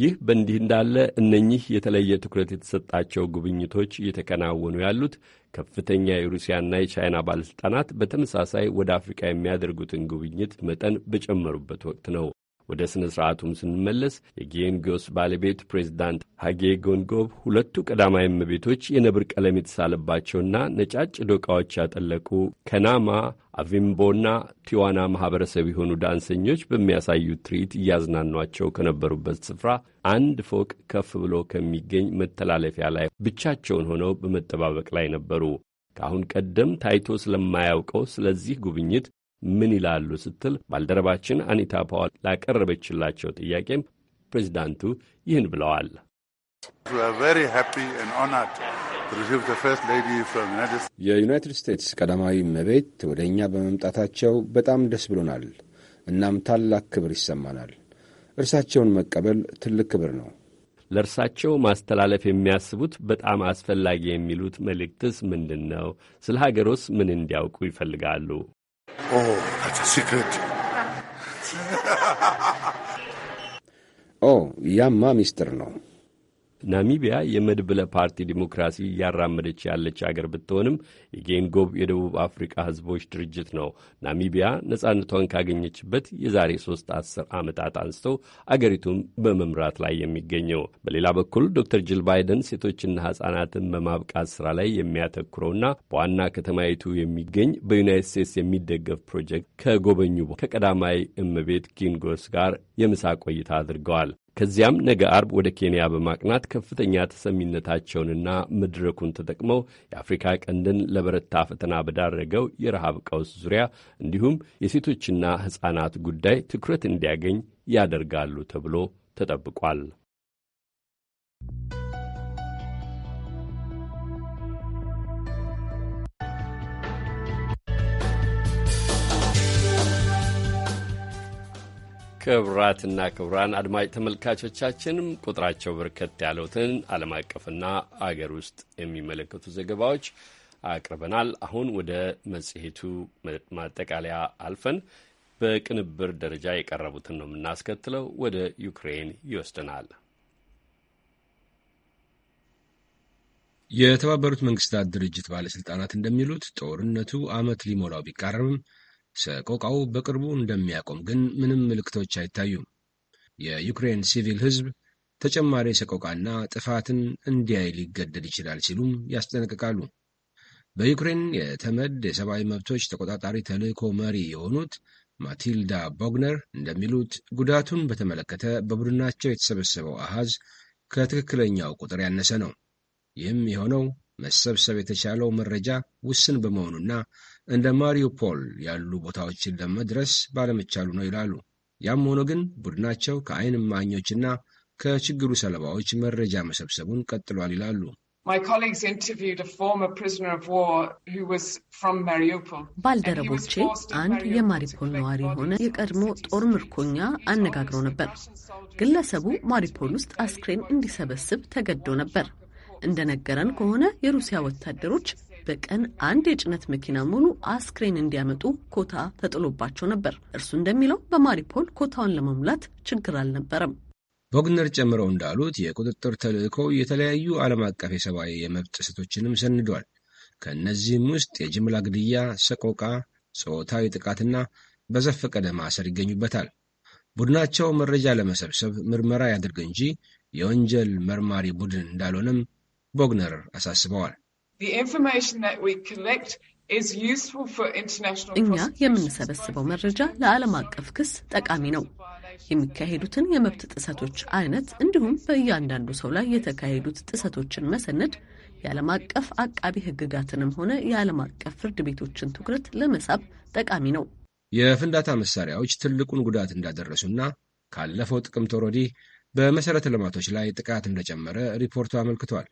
Speaker 3: ይህ በእንዲህ እንዳለ እነኚህ የተለየ ትኩረት የተሰጣቸው ጉብኝቶች እየተከናወኑ ያሉት ከፍተኛ የሩሲያና የቻይና ባለሥልጣናት በተመሳሳይ ወደ አፍሪካ የሚያደርጉትን ጉብኝት መጠን በጨመሩበት ወቅት ነው። ወደ ሥነ ሥርዓቱም ስንመለስ የጌንጎስ ባለቤት ፕሬዚዳንት ሀጌ ጎንጎብ ሁለቱ ቀዳማዊ እመቤቶች የነብር ቀለም የተሳለባቸውና ነጫጭ ዶቃዎች ያጠለቁ ከናማ አቪምቦና ቲዋና ማኅበረሰብ የሆኑ ዳንሰኞች በሚያሳዩት ትርኢት እያዝናኗቸው ከነበሩበት ስፍራ አንድ ፎቅ ከፍ ብሎ ከሚገኝ መተላለፊያ ላይ ብቻቸውን ሆነው በመጠባበቅ ላይ ነበሩ። ከአሁን ቀደም ታይቶ ስለማያውቀው ስለዚህ ጉብኝት ምን ይላሉ ስትል ባልደረባችን አኒታ ፓዋል ላቀረበችላቸው ጥያቄም ፕሬዚዳንቱ ይህን ብለዋል።
Speaker 16: የዩናይትድ ስቴትስ ቀዳማዊ እመቤት ወደ እኛ በመምጣታቸው በጣም ደስ ብሎናል። እናም ታላቅ ክብር ይሰማናል። እርሳቸውን መቀበል ትልቅ ክብር ነው።
Speaker 3: ለእርሳቸው ማስተላለፍ የሚያስቡት በጣም አስፈላጊ የሚሉት መልእክትስ ምንድን ነው? ስለ ሀገሮስ ምን እንዲያውቁ ይፈልጋሉ? ኦ ያማ ሚስጥር ነው። ናሚቢያ የመድብለ ፓርቲ ዲሞክራሲ እያራመደች ያለች አገር ብትሆንም የጌንጎብ የደቡብ አፍሪቃ ህዝቦች ድርጅት ነው ናሚቢያ ነጻነቷን ካገኘችበት የዛሬ ሶስት አስር ዓመታት አንስተው አገሪቱን በመምራት ላይ የሚገኘው። በሌላ በኩል ዶክተር ጅል ባይደን ሴቶችና ህጻናትን በማብቃት ስራ ላይ የሚያተኩረውና በዋና ከተማይቱ የሚገኝ በዩናይት ስቴትስ የሚደገፍ ፕሮጀክት ከጎበኙ ከቀዳማይ እመቤት ጊንጎስ ጋር የምሳ ቆይታ አድርገዋል። ከዚያም ነገ አርብ ወደ ኬንያ በማቅናት ከፍተኛ ተሰሚነታቸውንና መድረኩን ተጠቅመው የአፍሪካ ቀንድን ለበረታ ፈተና በዳረገው የረሃብ ቀውስ ዙሪያ እንዲሁም የሴቶችና ሕፃናት ጉዳይ ትኩረት እንዲያገኝ ያደርጋሉ ተብሎ ተጠብቋል። ክብራትና ክብራን አድማጭ ተመልካቾቻችንም ቁጥራቸው በርከት ያሉትን ዓለም አቀፍና አገር ውስጥ የሚመለከቱ ዘገባዎች አቅርበናል። አሁን ወደ መጽሔቱ ማጠቃለያ አልፈን በቅንብር ደረጃ የቀረቡትን ነው የምናስከትለው። ወደ ዩክሬን ይወስደናል።
Speaker 16: የተባበሩት መንግስታት ድርጅት ባለሥልጣናት እንደሚሉት ጦርነቱ ዓመት ሊሞላው ቢቃረብም ሰቆቃው በቅርቡ እንደሚያቆም ግን ምንም ምልክቶች አይታዩም። የዩክሬን ሲቪል ሕዝብ ተጨማሪ ሰቆቃና ጥፋትን እንዲያይ ሊገደድ ይችላል ሲሉም ያስጠነቅቃሉ። በዩክሬን የተመድ የሰብአዊ መብቶች ተቆጣጣሪ ተልእኮ መሪ የሆኑት ማቲልዳ ቦግነር እንደሚሉት ጉዳቱን በተመለከተ በቡድናቸው የተሰበሰበው አሃዝ ከትክክለኛው ቁጥር ያነሰ ነው። ይህም የሆነው መሰብሰብ የተቻለው መረጃ ውስን በመሆኑና እንደ ማሪውፖል ያሉ ቦታዎችን ለመድረስ ባለመቻሉ ነው ይላሉ። ያም ሆኖ ግን ቡድናቸው ከአይን እማኞችና ከችግሩ ሰለባዎች መረጃ መሰብሰቡን ቀጥሏል ይላሉ።
Speaker 15: ባልደረቦቼ አንድ የማሪፖል ነዋሪ የሆነ የቀድሞ ጦር ምርኮኛ አነጋግረው ነበር። ግለሰቡ ማሪፖል ውስጥ አስክሬን እንዲሰበስብ ተገዶ ነበር። እንደነገረን ከሆነ የሩሲያ ወታደሮች በቀን አንድ የጭነት መኪና ሙሉ አስክሬን እንዲያመጡ ኮታ ተጥሎባቸው ነበር። እርሱ እንደሚለው በማሪፖል ኮታውን ለመሙላት ችግር አልነበረም።
Speaker 16: ቦግነር ጨምረው እንዳሉት የቁጥጥር ተልዕኮው የተለያዩ ዓለም አቀፍ የሰብአዊ የመብት ጥሰቶችንም ሰንዷል። ከእነዚህም ውስጥ የጅምላ ግድያ፣ ሰቆቃ፣ ጾታዊ ጥቃትና በዘፈቀደ ማሰር ይገኙበታል። ቡድናቸው መረጃ ለመሰብሰብ ምርመራ ያድርግ እንጂ የወንጀል መርማሪ ቡድን እንዳልሆነም ቦግነር አሳስበዋል። እኛ
Speaker 15: የምንሰበስበው መረጃ ለዓለም አቀፍ ክስ ጠቃሚ ነው። የሚካሄዱትን የመብት ጥሰቶች አይነት እንዲሁም በእያንዳንዱ ሰው ላይ የተካሄዱት ጥሰቶችን መሰነድ የዓለም አቀፍ አቃቢ ሕግጋትንም ሆነ የዓለም አቀፍ ፍርድ ቤቶችን ትኩረት ለመሳብ ጠቃሚ ነው።
Speaker 16: የፍንዳታ መሳሪያዎች ትልቁን ጉዳት እንዳደረሱና ካለፈው ጥቅምት ወዲህ በመሠረተ ልማቶች ላይ ጥቃት እንደጨመረ ሪፖርቱ አመልክቷል።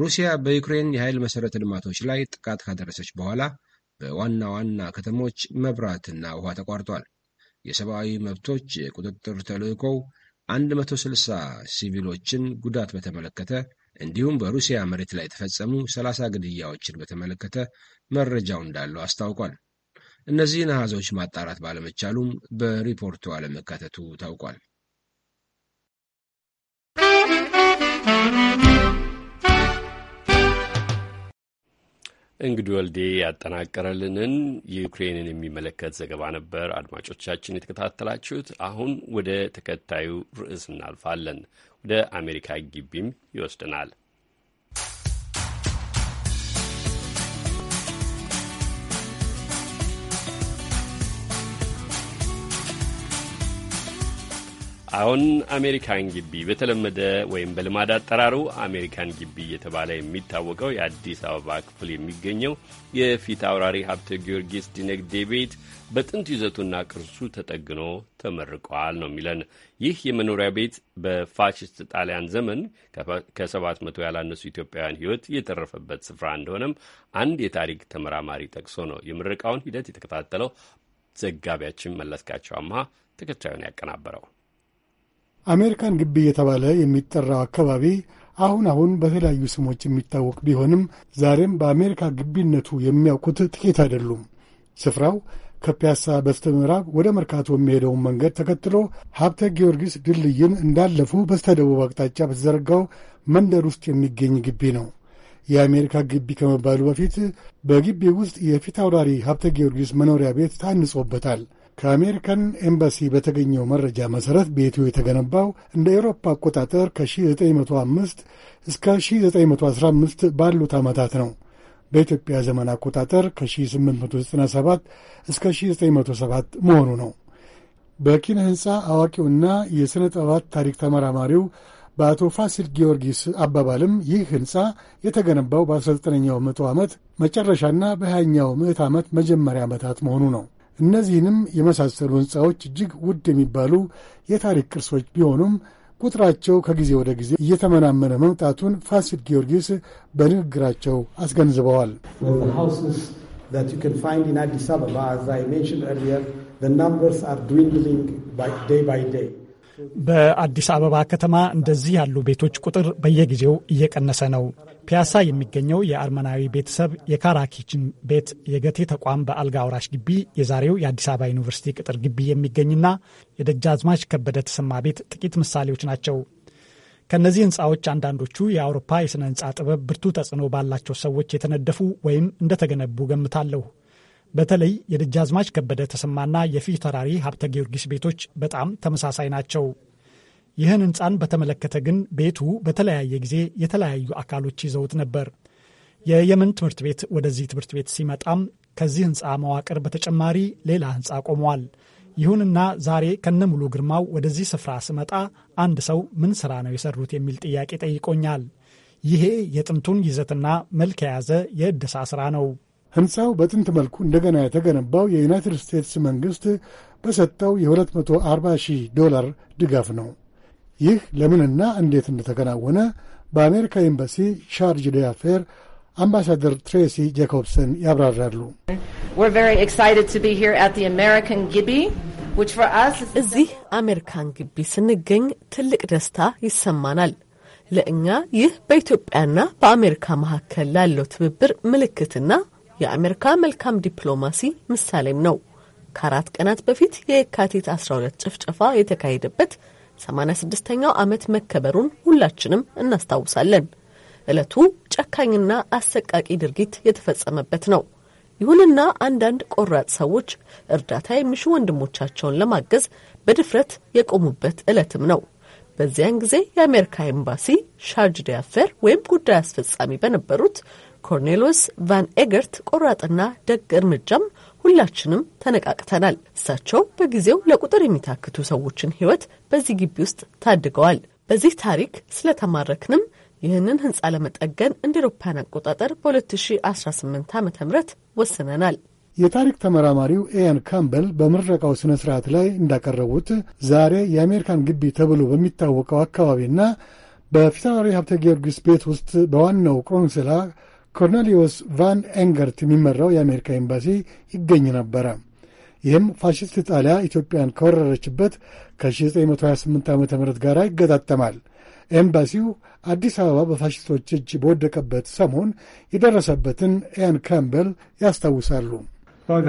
Speaker 16: ሩሲያ በዩክሬን የኃይል መሠረተ ልማቶች ላይ ጥቃት ካደረሰች በኋላ በዋና ዋና ከተሞች መብራትና ውኃ ተቋርጧል። የሰብአዊ መብቶች የቁጥጥር ተልእኮው 160 ሲቪሎችን ጉዳት በተመለከተ እንዲሁም በሩሲያ መሬት ላይ የተፈጸሙ 30 ግድያዎችን በተመለከተ መረጃው እንዳለው አስታውቋል። እነዚህን አሃዞች ማጣራት ባለመቻሉም በሪፖርቱ አለመካተቱ ታውቋል። እንግዲ
Speaker 3: ወልዴ ያጠናቀረልንን የዩክሬንን የሚመለከት ዘገባ ነበር አድማጮቻችን የተከታተላችሁት። አሁን ወደ ተከታዩ ርዕስ እናልፋለን። ወደ አሜሪካ ግቢም ይወስደናል። አሁን አሜሪካን ግቢ በተለመደ ወይም በልማድ አጠራሩ አሜሪካን ግቢ እየተባለ የሚታወቀው የአዲስ አበባ ክፍል የሚገኘው የፊት አውራሪ ሀብተ ጊዮርጊስ ዲነግዴ ቤት በጥንት ይዘቱና ቅርሱ ተጠግኖ ተመርቋል ነው የሚለን። ይህ የመኖሪያ ቤት በፋሽስት ጣሊያን ዘመን ከሰባት መቶ ያላነሱ ኢትዮጵያውያን ሕይወት የተረፈበት ስፍራ እንደሆነም አንድ የታሪክ ተመራማሪ ጠቅሶ ነው የምረቃውን ሂደት የተከታተለው ዘጋቢያችን መለስካቸው አምሃ ተከታዩን ያቀናበረው።
Speaker 11: አሜሪካን ግቢ እየተባለ የሚጠራው አካባቢ አሁን አሁን በተለያዩ ስሞች የሚታወቅ ቢሆንም ዛሬም በአሜሪካ ግቢነቱ የሚያውቁት ጥቂት አይደሉም። ስፍራው ከፒያሳ በስተ ምዕራብ ወደ መርካቶ የሚሄደውን መንገድ ተከትሎ ሀብተ ጊዮርጊስ ድልድይን እንዳለፉ በስተ ደቡብ አቅጣጫ በተዘረጋው መንደር ውስጥ የሚገኝ ግቢ ነው። የአሜሪካ ግቢ ከመባሉ በፊት በግቢ ውስጥ የፊት አውራሪ ሀብተ ጊዮርጊስ መኖሪያ ቤት ታንጾበታል። ከአሜሪካን ኤምባሲ በተገኘው መረጃ መሠረት ቤቱ የተገነባው እንደ ኤሮፓ አቆጣጠር ከ1905 እስከ 1915 ባሉት ዓመታት ነው። በኢትዮጵያ ዘመን አቆጣጠር ከ1897 እስከ 1907 መሆኑ ነው። በኪነ ሕንፃ አዋቂውና የሥነ ጥበባት ታሪክ ተመራማሪው በአቶ ፋሲል ጊዮርጊስ አባባልም ይህ ሕንፃ የተገነባው በ19ኛው መቶ ዓመት መጨረሻና በ20ኛው ምዕት ዓመት መጀመሪያ ዓመታት መሆኑ ነው። እነዚህንም የመሳሰሉ ሕንፃዎች እጅግ ውድ የሚባሉ የታሪክ ቅርሶች ቢሆኑም ቁጥራቸው ከጊዜ ወደ ጊዜ እየተመናመነ መምጣቱን ፋሲል ጊዮርጊስ በንግግራቸው አስገንዝበዋል።
Speaker 12: በአዲስ አበባ ከተማ እንደዚህ ያሉ ቤቶች ቁጥር በየጊዜው እየቀነሰ ነው። ፒያሳ የሚገኘው የአርመናዊ ቤተሰብ የካራኪችን ቤት የገቴ ተቋም በአልጋ ወራሽ ግቢ የዛሬው የአዲስ አበባ ዩኒቨርሲቲ ቅጥር ግቢ የሚገኝና የደጃዝማች ከበደ ተሰማ ቤት ጥቂት ምሳሌዎች ናቸው። ከእነዚህ ህንፃዎች አንዳንዶቹ የአውሮፓ የሥነ ህንፃ ጥበብ ብርቱ ተጽዕኖ ባላቸው ሰዎች የተነደፉ ወይም እንደተገነቡ ገምታለሁ። በተለይ የደጃዝማች ከበደ ተሰማና ተራሪ ሀብተ ጊዮርጊስ ቤቶች በጣም ተመሳሳይ ናቸው። ይህን ህንፃን በተመለከተ ግን ቤቱ በተለያየ ጊዜ የተለያዩ አካሎች ይዘውት ነበር። የየመን ትምህርት ቤት ወደዚህ ትምህርት ቤት ሲመጣም ከዚህ ህንፃ መዋቅር በተጨማሪ ሌላ ህንፃ ቆመዋል። ይሁንና ዛሬ ከነሙሉ ግርማው ወደዚህ ስፍራ ስመጣ አንድ ሰው ምን ስራ ነው የሰሩት የሚል ጥያቄ ጠይቆኛል። ይሄ የጥንቱን ይዘትና መልክ የያዘ የእድሳ ስራ ነው።
Speaker 11: ህንፃው በጥንት መልኩ እንደገና የተገነባው የዩናይትድ ስቴትስ መንግስት በሰጠው የ240 ሺህ ዶላር ድጋፍ ነው። ይህ ለምንና እንዴት እንደተከናወነ በአሜሪካ ኤምባሲ ቻርጅ ዲያፌር አምባሳደር ትሬሲ ጄኮብሰን
Speaker 15: ያብራራሉ። እዚህ አሜሪካን ግቢ ስንገኝ ትልቅ ደስታ ይሰማናል። ለእኛ ይህ በኢትዮጵያና በአሜሪካ መካከል ላለው ትብብር ምልክትና የአሜሪካ መልካም ዲፕሎማሲ ምሳሌም ነው። ከአራት ቀናት በፊት የካቲት 12 ጭፍጨፋ የተካሄደበት 86 ኛው ዓመት መከበሩን ሁላችንም እናስታውሳለን። ዕለቱ ጨካኝና አሰቃቂ ድርጊት የተፈጸመበት ነው። ይሁንና አንዳንድ ቆራጥ ሰዎች እርዳታ የሚሹ ወንድሞቻቸውን ለማገዝ በድፍረት የቆሙበት ዕለትም ነው። በዚያን ጊዜ የአሜሪካ ኤምባሲ ሻርጅ ዲያፌር ወይም ጉዳይ አስፈጻሚ በነበሩት ኮርኔሎስ ቫን ኤገርት ቆራጥና ደግ እርምጃም ሁላችንም ተነቃቅተናል። እሳቸው በጊዜው ለቁጥር የሚታክቱ ሰዎችን ሕይወት በዚህ ግቢ ውስጥ ታድገዋል። በዚህ ታሪክ ስለተማረክንም ይህንን ህንፃ ለመጠገን እንደ ኤሮፓያን አቆጣጠር በ2018 ዓ ም ወስነናል።
Speaker 11: የታሪክ ተመራማሪው ኤያን ካምበል በምረቃው ሥነ ሥርዓት ላይ እንዳቀረቡት ዛሬ የአሜሪካን ግቢ ተብሎ በሚታወቀው አካባቢና በፊታውራሪ ሀብተ ጊዮርጊስ ቤት ውስጥ በዋናው ቆንስላ ኮርኔሊዮስ ቫን ኤንገርት የሚመራው የአሜሪካ ኤምባሲ ይገኝ ነበረ። ይህም ፋሽስት ጣሊያ ኢትዮጵያን ከወረረችበት ከ1928 ዓ ም ጋር ይገጣጠማል። ኤምባሲው አዲስ አበባ በፋሽስቶች እጅ በወደቀበት ሰሞን የደረሰበትን ኤን ካምበል ያስታውሳሉ። በ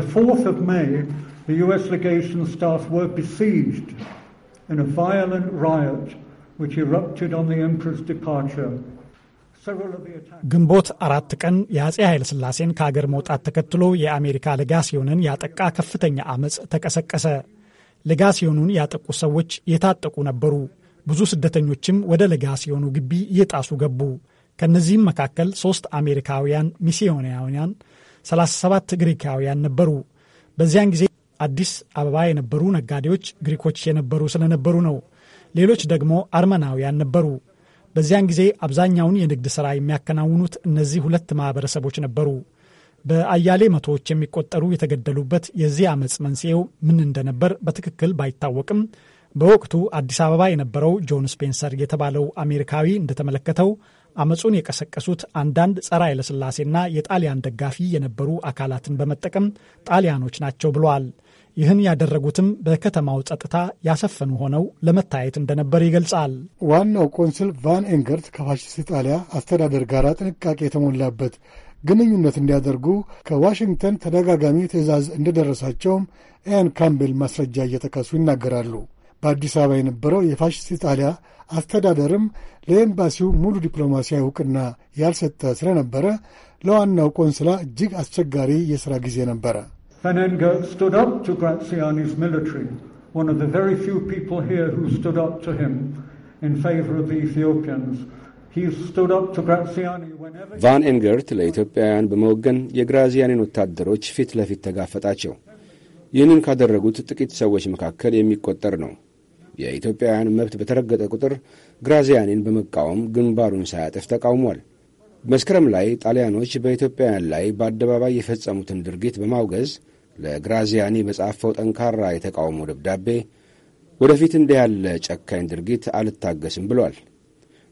Speaker 12: ግንቦት አራት ቀን የአጼ ኃይለሥላሴን ከአገር መውጣት ተከትሎ የአሜሪካ ለጋሲዮንን ያጠቃ ከፍተኛ አመፅ ተቀሰቀሰ። ለጋሲዮኑን ያጠቁ ሰዎች የታጠቁ ነበሩ። ብዙ ስደተኞችም ወደ ለጋሲዮኑ ግቢ እየጣሱ ገቡ። ከእነዚህም መካከል ሦስት አሜሪካውያን ሚስዮናውያን፣ 37 ግሪካውያን ነበሩ። በዚያን ጊዜ አዲስ አበባ የነበሩ ነጋዴዎች ግሪኮች የነበሩ ስለነበሩ ነው። ሌሎች ደግሞ አርመናውያን ነበሩ። በዚያን ጊዜ አብዛኛውን የንግድ ሥራ የሚያከናውኑት እነዚህ ሁለት ማኅበረሰቦች ነበሩ። በአያሌ መቶዎች የሚቆጠሩ የተገደሉበት የዚህ ዓመፅ መንስኤው ምን እንደነበር በትክክል ባይታወቅም በወቅቱ አዲስ አበባ የነበረው ጆን ስፔንሰር የተባለው አሜሪካዊ እንደተመለከተው አመፁን የቀሰቀሱት አንዳንድ ጸረ ኃይለሥላሴና የጣሊያን ደጋፊ የነበሩ አካላትን በመጠቀም ጣሊያኖች ናቸው ብለዋል። ይህን ያደረጉትም በከተማው ጸጥታ ያሰፈኑ ሆነው ለመታየት እንደነበር ይገልጻል።
Speaker 11: ዋናው ቆንስል ቫን ኤንገርት ከፋሽስት ኢጣሊያ አስተዳደር ጋር ጥንቃቄ የተሞላበት ግንኙነት እንዲያደርጉ ከዋሽንግተን ተደጋጋሚ ትዕዛዝ እንደደረሳቸውም ኤያን ካምቤል ማስረጃ እየጠቀሱ ይናገራሉ። በአዲስ አበባ የነበረው የፋሽስት ኢጣሊያ አስተዳደርም ለኤምባሲው ሙሉ ዲፕሎማሲያዊ እውቅና ያልሰጠ ስለነበረ ለዋናው ቆንስላ እጅግ አስቸጋሪ የሥራ ጊዜ ነበረ። Fanenga stood up to Graziani's military, one of the very few people here who stood up to him in favor of the Ethiopians.
Speaker 16: ቫን ኤንገርት ለኢትዮጵያውያን በመወገን የግራዚያኒን ወታደሮች ፊት ለፊት ተጋፈጣቸው። ይህንን ካደረጉት ጥቂት ሰዎች መካከል የሚቆጠር ነው። የኢትዮጵያውያን መብት በተረገጠ ቁጥር ግራዚያኒን በመቃወም ግንባሩን ሳያጠፍ ተቃውሟል። መስከረም ላይ ጣሊያኖች በኢትዮጵያውያን ላይ በአደባባይ የፈጸሙትን ድርጊት በማውገዝ ለግራዚያኒ በጻፈው ጠንካራ የተቃውሞ ደብዳቤ ወደፊት እንዲህ ያለ ጨካኝ ድርጊት አልታገስም ብሏል።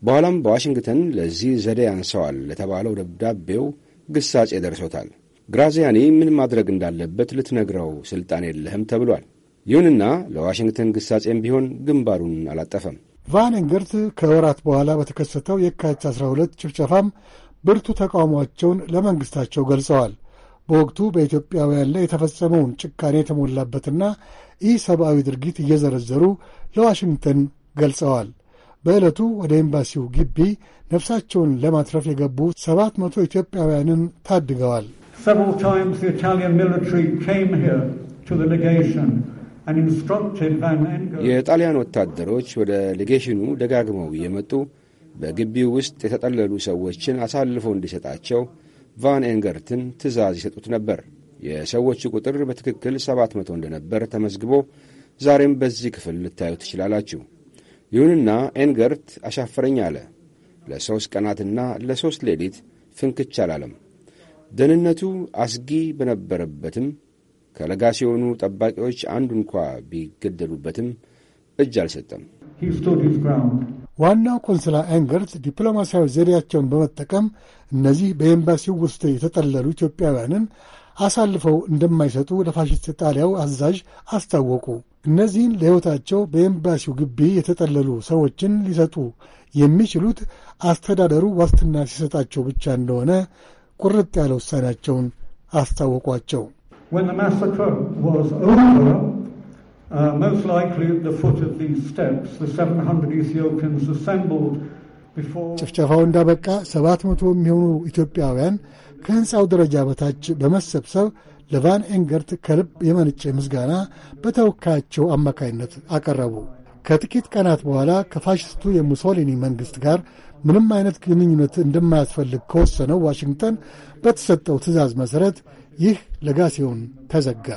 Speaker 16: በኋላም በዋሽንግተን ለዚህ ዘዴ ያንሰዋል ለተባለው ደብዳቤው ግሳጼ ደርሶታል። ግራዚያኒ ምን ማድረግ እንዳለበት ልትነግረው ስልጣን የለህም ተብሏል። ይሁንና ለዋሽንግተን ግሳጼም ቢሆን ግንባሩን አላጠፈም።
Speaker 11: ቫን እንግርት ከወራት በኋላ በተከሰተው የካቲት 12 ጭፍጨፋም ብርቱ ተቃውሟቸውን ለመንግሥታቸው ገልጸዋል። በወቅቱ በኢትዮጵያውያን ላይ የተፈጸመውን ጭካኔ የተሞላበትና ይህ ሰብአዊ ድርጊት እየዘረዘሩ ለዋሽንግተን ገልጸዋል። በዕለቱ ወደ ኤምባሲው ግቢ ነፍሳቸውን ለማትረፍ የገቡ ሰባት መቶ ኢትዮጵያውያንን ታድገዋል።
Speaker 16: የጣሊያን ወታደሮች ወደ ሌጌሽኑ ደጋግመው እየመጡ በግቢው ውስጥ የተጠለሉ ሰዎችን አሳልፎ እንዲሰጣቸው ቫን ኤንገርትን ትዕዛዝ ይሰጡት ነበር። የሰዎቹ ቁጥር በትክክል 700 እንደነበር ተመዝግቦ ዛሬም በዚህ ክፍል ልታዩ ትችላላችሁ። ይሁንና ኤንገርት አሻፈረኝ አለ። ለሦስት ቀናትና ለሦስት ሌሊት ፍንክች አላለም። ደህንነቱ አስጊ በነበረበትም ከለጋ ሲሆኑ ጠባቂዎች አንዱ እንኳ ቢገደሉበትም እጅ አልሰጠም።
Speaker 11: ዋናው ቆንስላ ኤንገርት ዲፕሎማሲያዊ ዘዴያቸውን በመጠቀም እነዚህ በኤምባሲው ውስጥ የተጠለሉ ኢትዮጵያውያንን አሳልፈው እንደማይሰጡ ለፋሽስት ጣሊያው አዛዥ አስታወቁ። እነዚህን ለሕይወታቸው በኤምባሲው ግቢ የተጠለሉ ሰዎችን ሊሰጡ የሚችሉት አስተዳደሩ ዋስትና ሲሰጣቸው ብቻ እንደሆነ ቁርጥ ያለ ውሳኔያቸውን አስታወቋቸው። Uh, most likely at the foot of these steps, the 700 Ethiopians assembled before... ጭፍጨፋው እንዳበቃ ሰባት መቶ የሚሆኑ ኢትዮጵያውያን ከሕንፃው ደረጃ በታች በመሰብሰብ ለቫን ኤንገርት ከልብ የመነጨ ምስጋና በተወካያቸው አማካይነት አቀረቡ። ከጥቂት ቀናት በኋላ ከፋሽስቱ የሙሶሊኒ መንግሥት ጋር ምንም አይነት ግንኙነት እንደማያስፈልግ ከወሰነው ዋሽንግተን በተሰጠው ትዕዛዝ መሠረት ይህ ለጋሴውን ተዘጋ።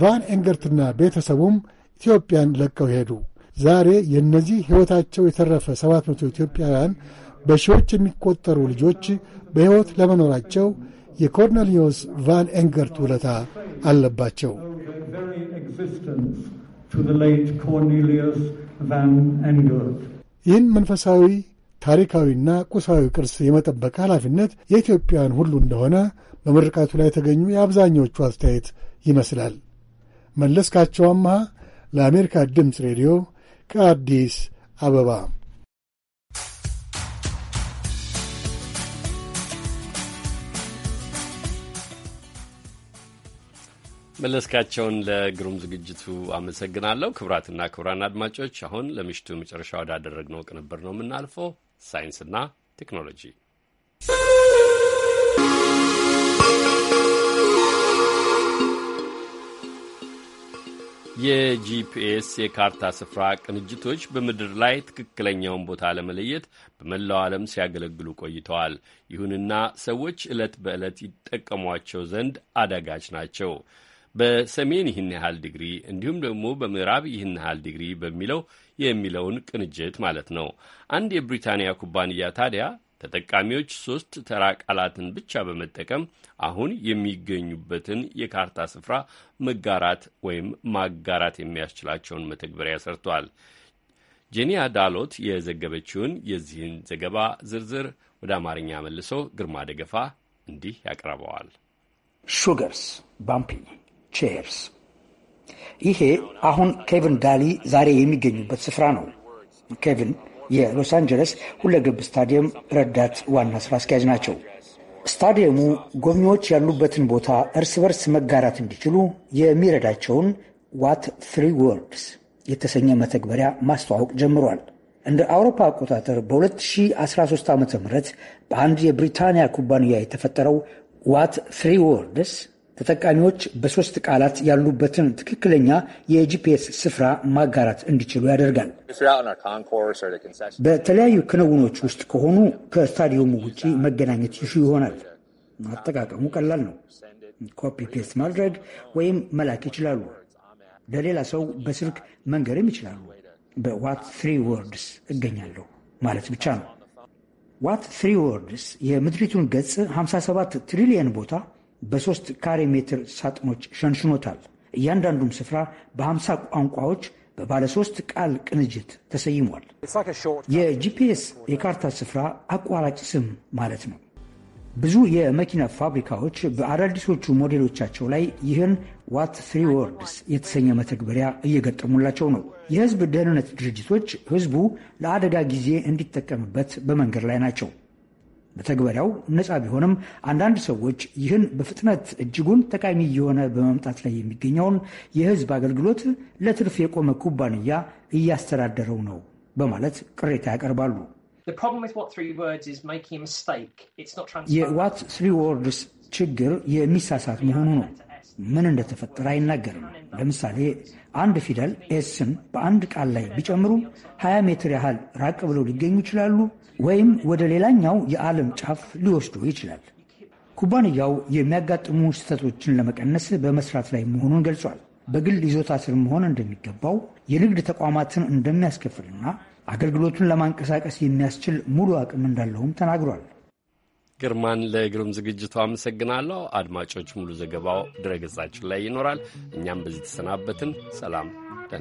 Speaker 11: ቫን ኤንገርትና ቤተሰቡም ኢትዮጵያን ለቀው ሄዱ። ዛሬ የእነዚህ ሕይወታቸው የተረፈ 700 ኢትዮጵያውያን በሺዎች የሚቆጠሩ ልጆች በሕይወት ለመኖራቸው የኮርኔሊዮስ ቫን ኤንገርት ውለታ አለባቸው። ይህን መንፈሳዊ ታሪካዊና ቁሳዊ ቅርስ የመጠበቅ ኃላፊነት የኢትዮጵያውያን ሁሉ እንደሆነ በምርቃቱ ላይ የተገኙ የአብዛኛዎቹ አስተያየት ይመስላል። መለስካቸው አምሃ ለአሜሪካ ድምፅ ሬዲዮ ከአዲስ አበባ።
Speaker 3: መለስካቸውን ለግሩም ዝግጅቱ አመሰግናለሁ። ክቡራትና ክቡራን አድማጮች አሁን ለምሽቱ መጨረሻ ወዳደረግነው ቅንብር ነው የምናልፈው። ሳይንስና ቴክኖሎጂ የጂፒኤስ የካርታ ስፍራ ቅንጅቶች በምድር ላይ ትክክለኛውን ቦታ ለመለየት በመላው ዓለም ሲያገለግሉ ቆይተዋል። ይሁንና ሰዎች ዕለት በዕለት ይጠቀሟቸው ዘንድ አዳጋች ናቸው። በሰሜን ይህን ያህል ዲግሪ እንዲሁም ደግሞ በምዕራብ ይህን ያህል ዲግሪ በሚለው የሚለውን ቅንጅት ማለት ነው። አንድ የብሪታንያ ኩባንያ ታዲያ ተጠቃሚዎች ሶስት ተራ ቃላትን ብቻ በመጠቀም አሁን የሚገኙበትን የካርታ ስፍራ መጋራት ወይም ማጋራት የሚያስችላቸውን መተግበሪያ ሰርቷል። ጄኒያ ዳሎት የዘገበችውን የዚህን ዘገባ ዝርዝር ወደ አማርኛ መልሶ ግርማ ደገፋ እንዲህ ያቀርበዋል።
Speaker 17: ሹገርስ ባምፒ ቼርስ። ይሄ አሁን ኬቪን ዳሊ ዛሬ የሚገኙበት ስፍራ ነው። ኬቪን የሎስ አንጀለስ ሁለገብ ስታዲየም ረዳት ዋና ስራ አስኪያጅ ናቸው። ስታዲየሙ ጎብኚዎች ያሉበትን ቦታ እርስ በርስ መጋራት እንዲችሉ የሚረዳቸውን ዋት ፍሪ ወርድስ የተሰኘ መተግበሪያ ማስተዋወቅ ጀምሯል። እንደ አውሮፓ አቆጣጠር በ2013 ዓ ም በአንድ የብሪታንያ ኩባንያ የተፈጠረው ዋት ፍሪ ወርድስ ተጠቃሚዎች በሶስት ቃላት ያሉበትን ትክክለኛ የጂፒኤስ ስፍራ ማጋራት እንዲችሉ ያደርጋል። በተለያዩ ክንውኖች ውስጥ ከሆኑ ከስታዲየሙ ውጪ መገናኘት ይሹ ይሆናል። አጠቃቀሙ ቀላል ነው። ኮፒ ፔስት ማድረግ ወይም መላክ ይችላሉ። ለሌላ ሰው በስልክ መንገርም ይችላሉ። በዋት ትሪ ወርድስ እገኛለሁ ማለት ብቻ ነው። ዋት ትሪ ወርድስ የምድሪቱን ገጽ 57 ትሪሊየን ቦታ በሶስት ካሬ ሜትር ሳጥኖች ሸንሽኖታል። እያንዳንዱም ስፍራ በሀምሳ ቋንቋዎች በባለሶስት ቃል ቅንጅት ተሰይሟል። የጂፒኤስ የካርታ ስፍራ አቋራጭ ስም ማለት ነው። ብዙ የመኪና ፋብሪካዎች በአዳዲሶቹ ሞዴሎቻቸው ላይ ይህን ዋት ፍሪ ወርድስ የተሰኘ መተግበሪያ እየገጠሙላቸው ነው። የህዝብ ደህንነት ድርጅቶች ህዝቡ ለአደጋ ጊዜ እንዲጠቀምበት በመንገድ ላይ ናቸው። መተግበሪያው ነፃ ቢሆንም አንዳንድ ሰዎች ይህን በፍጥነት እጅጉን ጠቃሚ እየሆነ በመምጣት ላይ የሚገኘውን የሕዝብ አገልግሎት ለትርፍ የቆመ ኩባንያ እያስተዳደረው ነው በማለት ቅሬታ ያቀርባሉ። የዋት ስሪ ወርድስ ችግር የሚሳሳት መሆኑ ነው። ምን እንደተፈጠረ አይናገርም። ለምሳሌ አንድ ፊደል ኤስን በአንድ ቃል ላይ ቢጨምሩ 20 ሜትር ያህል ራቅ ብለው ሊገኙ ይችላሉ። ወይም ወደ ሌላኛው የዓለም ጫፍ ሊወስዶ ይችላል። ኩባንያው የሚያጋጥሙ ስህተቶችን ለመቀነስ በመስራት ላይ መሆኑን ገልጿል። በግል ይዞታ ስር መሆን እንደሚገባው የንግድ ተቋማትን እንደሚያስከፍልና አገልግሎቱን ለማንቀሳቀስ የሚያስችል ሙሉ አቅም እንዳለውም ተናግሯል።
Speaker 3: ግርማን ለግሩም ዝግጅቱ አመሰግናለሁ። አድማጮች፣ ሙሉ ዘገባው ድረገጻችን ላይ ይኖራል። እኛም በዚህ ተሰናበትን። ሰላም።